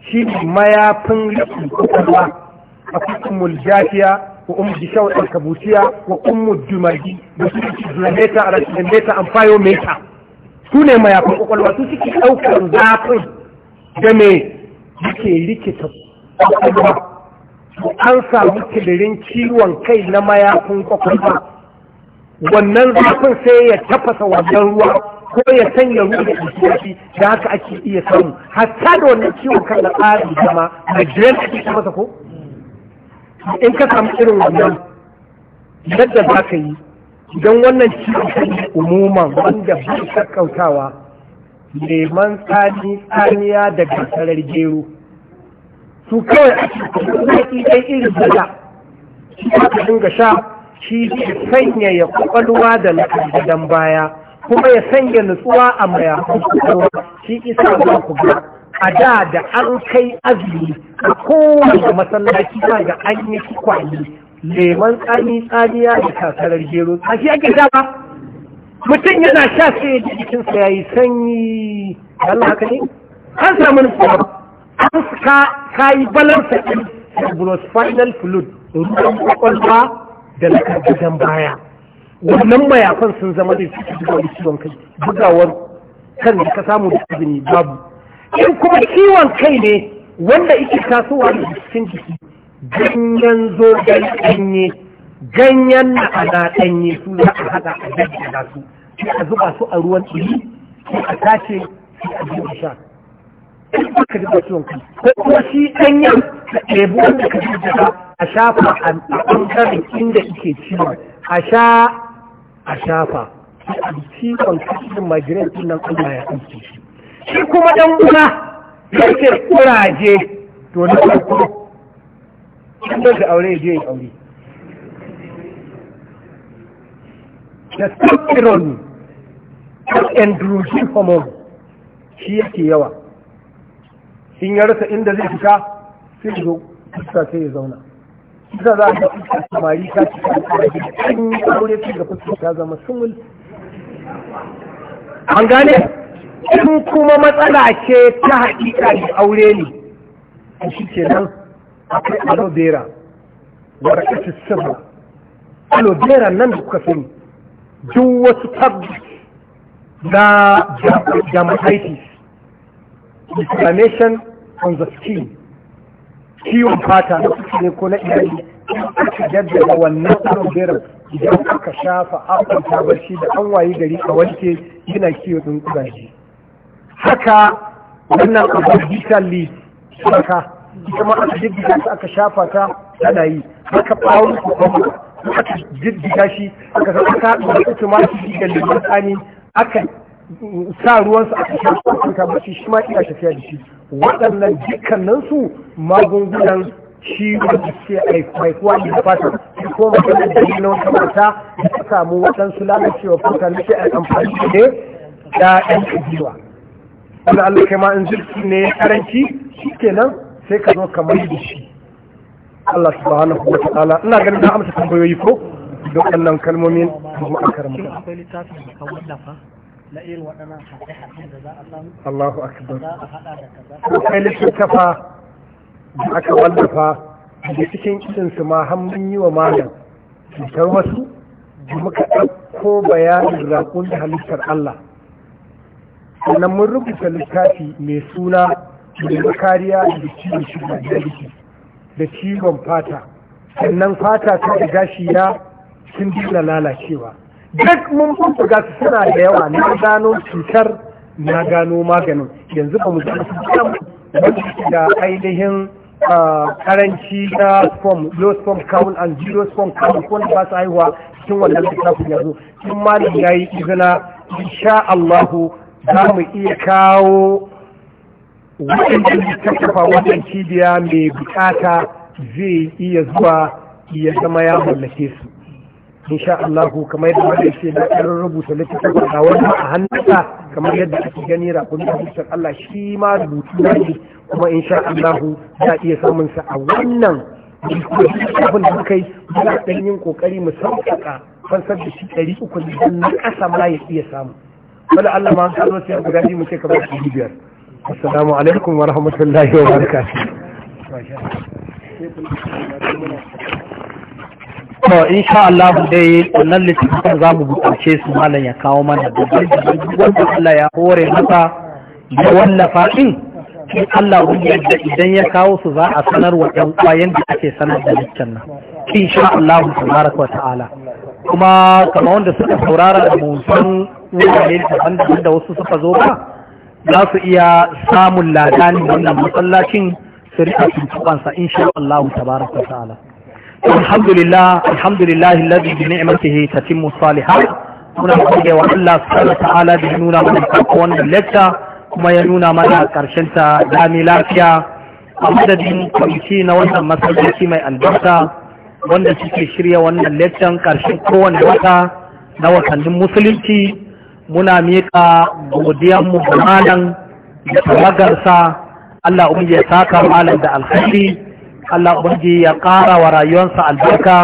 shi ne mayafin rikin kwakwalwa akwai jafiya da وأم دشاوة الكبوسية وأم الجمالي an زلميتا على سلميتا Su ne سوني ما su أقول ɗaukar zafin da me yake rikita kwakwalwa an samu kilirin ciwon kai na mayafin kwakwalwa wannan zafin sai ya tafasa wannan ruwa ko ya sanya ruwa da jiki da haka ake iya samu hatta da wannan ciwon kai na tsari zama da jiran ake tafasa ko in ka samu irin wannan yadda za ka yi don wannan cikin umuman wanda ba kakkautawa leman tsani tsaniya da gasarar gero su kawai a cikin dai irin da shi ka dinga sha shi ke sanya ya kwakwalwa da na baya kuma ya sanya nutsuwa a maya kwakwalwa shi isa za ku ga a da da an kai azumi a kowane masallaci ga an yi kwali leman tsani tsaniya da kakarar gero a shi ake sha ba mutum yana sha sai ji jikinsa ya yi sanyi Allah haka ne an samu nufin an ka yi balansa ɗin cerebrospinal fluid ruwan kwakwalwa da lakar baya wannan mayafan sun zama da su cikin ciwon kai bugawar kan da ka samu da babu in kuma ciwon kai ne wanda yake tasowa da cikin jiki ganyen zogon ɗanye ganyen na ana ɗanye su za a haɗa a daddana su sai a zuba su a ruwan ɗiri sai a tace sai a biyu sha ka ji ciwon kai ko kuma shi ɗanyen ka ɗebi wanda ka jirgin a shafa a ɓangaren inda ike ciwon a sha a shafa sai a ciwon kashin migraine ɗin nan Allah ya ɗauke shi shi kuma ɗan uwa ya ke kuraje to na farko ɗan da aure je yi aure testosterone androgen hormone shi yake yawa in ya rasa inda zai fita sai zo fuska sai ya zauna Kusa za a ga fuska samari ta ci ta aure sai ga fuska ta zama sumul an gane in kuma matsala ce ta haƙiƙa da aure ne a shi ke nan akwai aloe vera warakacin sirra aloe vera nan da kuka sani duk wasu tabbas na dermatitis inflammation on the skin ciwon fata na kuka ne ko na iyali aka jaddada wannan aloe vera idan aka shafa afon tabar shi da an wayi gari a wanke yana kiwo tsuntsugaje haka wannan abubakar li haka ita ma aka jirgita su aka shafa ta tana yi haka bawon kuma aka jirgita shi aka zama ta ɗauki tumaki da limon tsani aka sa ruwansu aka shafa ta bashi shi ma ina tafiya da shi waɗannan dukkaninsu magungunan ciwon da ke aikuwa da fata ko magana da yi na wata mata da ta samu waɗansu lalacewa fata na shi a amfani da ɗan kajiwa wanda Allah kai ma in zurfi ne ya karanci kenan sai ka zo ka da shi Allah wa ta'ala ina ganin na amsa tambayoyi ko da wannan kalmomin mu mu akwai da ka wallafa na irin a samu Allahu akbar za a haɗa da aka wallafa da cikin kiɗinsu ma hannun yi wa malam cutar wasu da muka ɗauko bayanin raƙon da halittar Allah sannan mun rubuta littafi mai suna da kariya da ciwon da jiki da ciwon fata sannan fata ta da gashi ya sun dina lalacewa duk mun bubbuga su suna da yawa na gano cutar na gano maganin yanzu ba mu san da ainihin ah, karanci na fom low sperm count and zero sperm count kuma ba su haihuwa cikin wannan littafin yanzu in malam yayi izina insha Allahu za mu iya kawo waɗanda ta kafa cibiya mai bukata zai iya zuwa ya zama ya mallake su insha Allah kamar yadda wanda ce na karin rubuta littattafan a wani a hannunsa kamar yadda ake gani rakun rubutun Allah shi ma rubutu na ne kuma insha Allah za iya samun sa a wannan abin da kai yi muna ɗan yin ƙoƙari mu sauƙaƙa fansar da shi ɗari uku na ƙasa ma ya iya samu wala Allah ma ka zo sai guda ni mu ce ka bar shi biyar assalamu alaikum wa rahmatullahi wa barakatuh to insha Allah dai wannan littafin za mu buƙace su malam ya kawo mana wanda Allah ya hore masa ya wallafa din in Allah yadda idan ya kawo su za a sanar wa ɗan kwayan da ake sanar da littan nan insha Allah tabaraka wa ta'ala kuma kamar wanda suka saurara da mu mun wurare daban-daban da wasu suka zo ba za su iya samun ladani wannan masallacin su rika tuntuɓansa insha Allah tabaraka ta'ala alhamdulillah alhamdulillah alladhi bi ni'matihi tatimmu salihat muna gode wa Allah subhanahu ta'ala da nuna mana farko wannan lecture kuma ya nuna mana karshen ta dami lafiya a madadin kwamiti na wannan masallaci mai albarka wanda suke shirya wannan lecture karshen kowane wata na watannin musulunci muna miƙa godiyanmu ga malam da magarsa. Allah ubangi ya saka malam da alkhairi Allah ubangi ya ƙara wa rayuwarsa albarka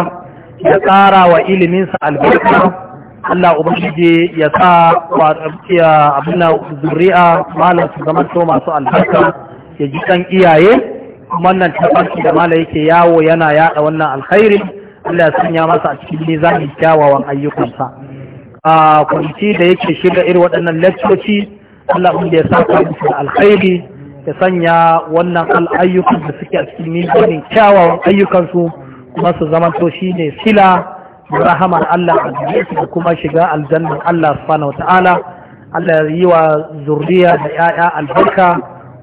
ya ƙara wa iliminsa albarka Allah ubangi ya sa wa abin zuri'a malam su zama to masu albarka ya ji ɗan iyaye wannan tafarki da malam yake yawo yana yada wannan alkhairi Allah ya sanya masa a cikin nizamin kyawawan ayyukansa a kwanci da yake shirya irin waɗannan lekcoci Allah da ya sa musu da alkhairi ya sanya wannan al'ayyukan da suke a cikin mizanin kyawawan ayyukansu kuma su zama to shi ne sila da rahamar Allah a jikinsu da kuma shiga aljannan Allah subhanahu ta'ala Allah yi wa zurriya da 'ya'ya albarka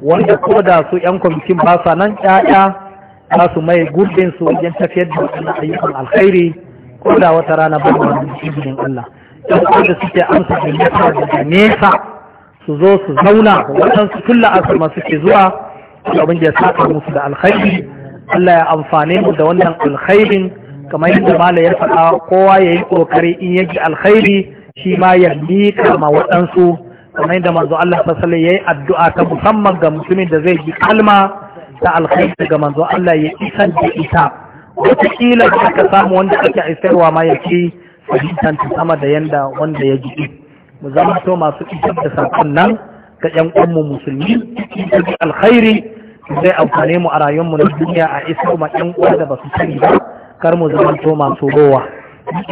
wanda ko da su 'yan kwamitin ba sa nan 'ya'ya za su mai gurbin su wajen tafiyar da wannan ayyukan alkhairi ko da wata rana ba da izinin Allah da suke amsa gayyata daga nesa su zo su zauna waɗansu tun la'asar masu zuwa abin da ya saka musu da alkhairi Allah ya amfane mu da wannan alkhairin kamar yadda mala ya faɗa kowa ya yi ƙoƙari in ya ji alkhairi shi ma ya miƙa ma waɗansu kamar yadda manzo Allah ya yi addu'a ta musamman ga mutumin da zai ji kalma ta alkhairi daga manzo Allah ya isan da ita wataƙila da ka samu wanda ake aisarwa ma ya ci fahimtar ta sama da yanda wanda ya jiki mu zama to masu isar da sakon nan ga ƴan uwanmu musulmi ta alkhairi zai amfane mu a rayuwarmu na duniya a isar ma ƴan uwa da ba su sani ba kar mu zama to masu rowa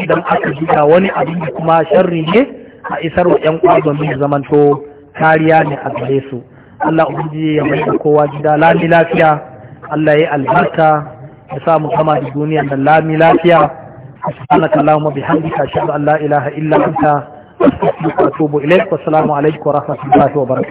idan aka jika wani abin da kuma sharri ne a isar wa ƴan uwa domin zama to kariya ne a gare su Allah ubangiji ya mai da kowa gida lami lafiya Allah ya yi albarka ya sa mu kama da duniya da lami lafiya سبحانك اللهم بحمدك أشهد أن لا إله إلا أنت أستغفرك وأتوب إليك والسلام عليكم ورحمة الله وبركاته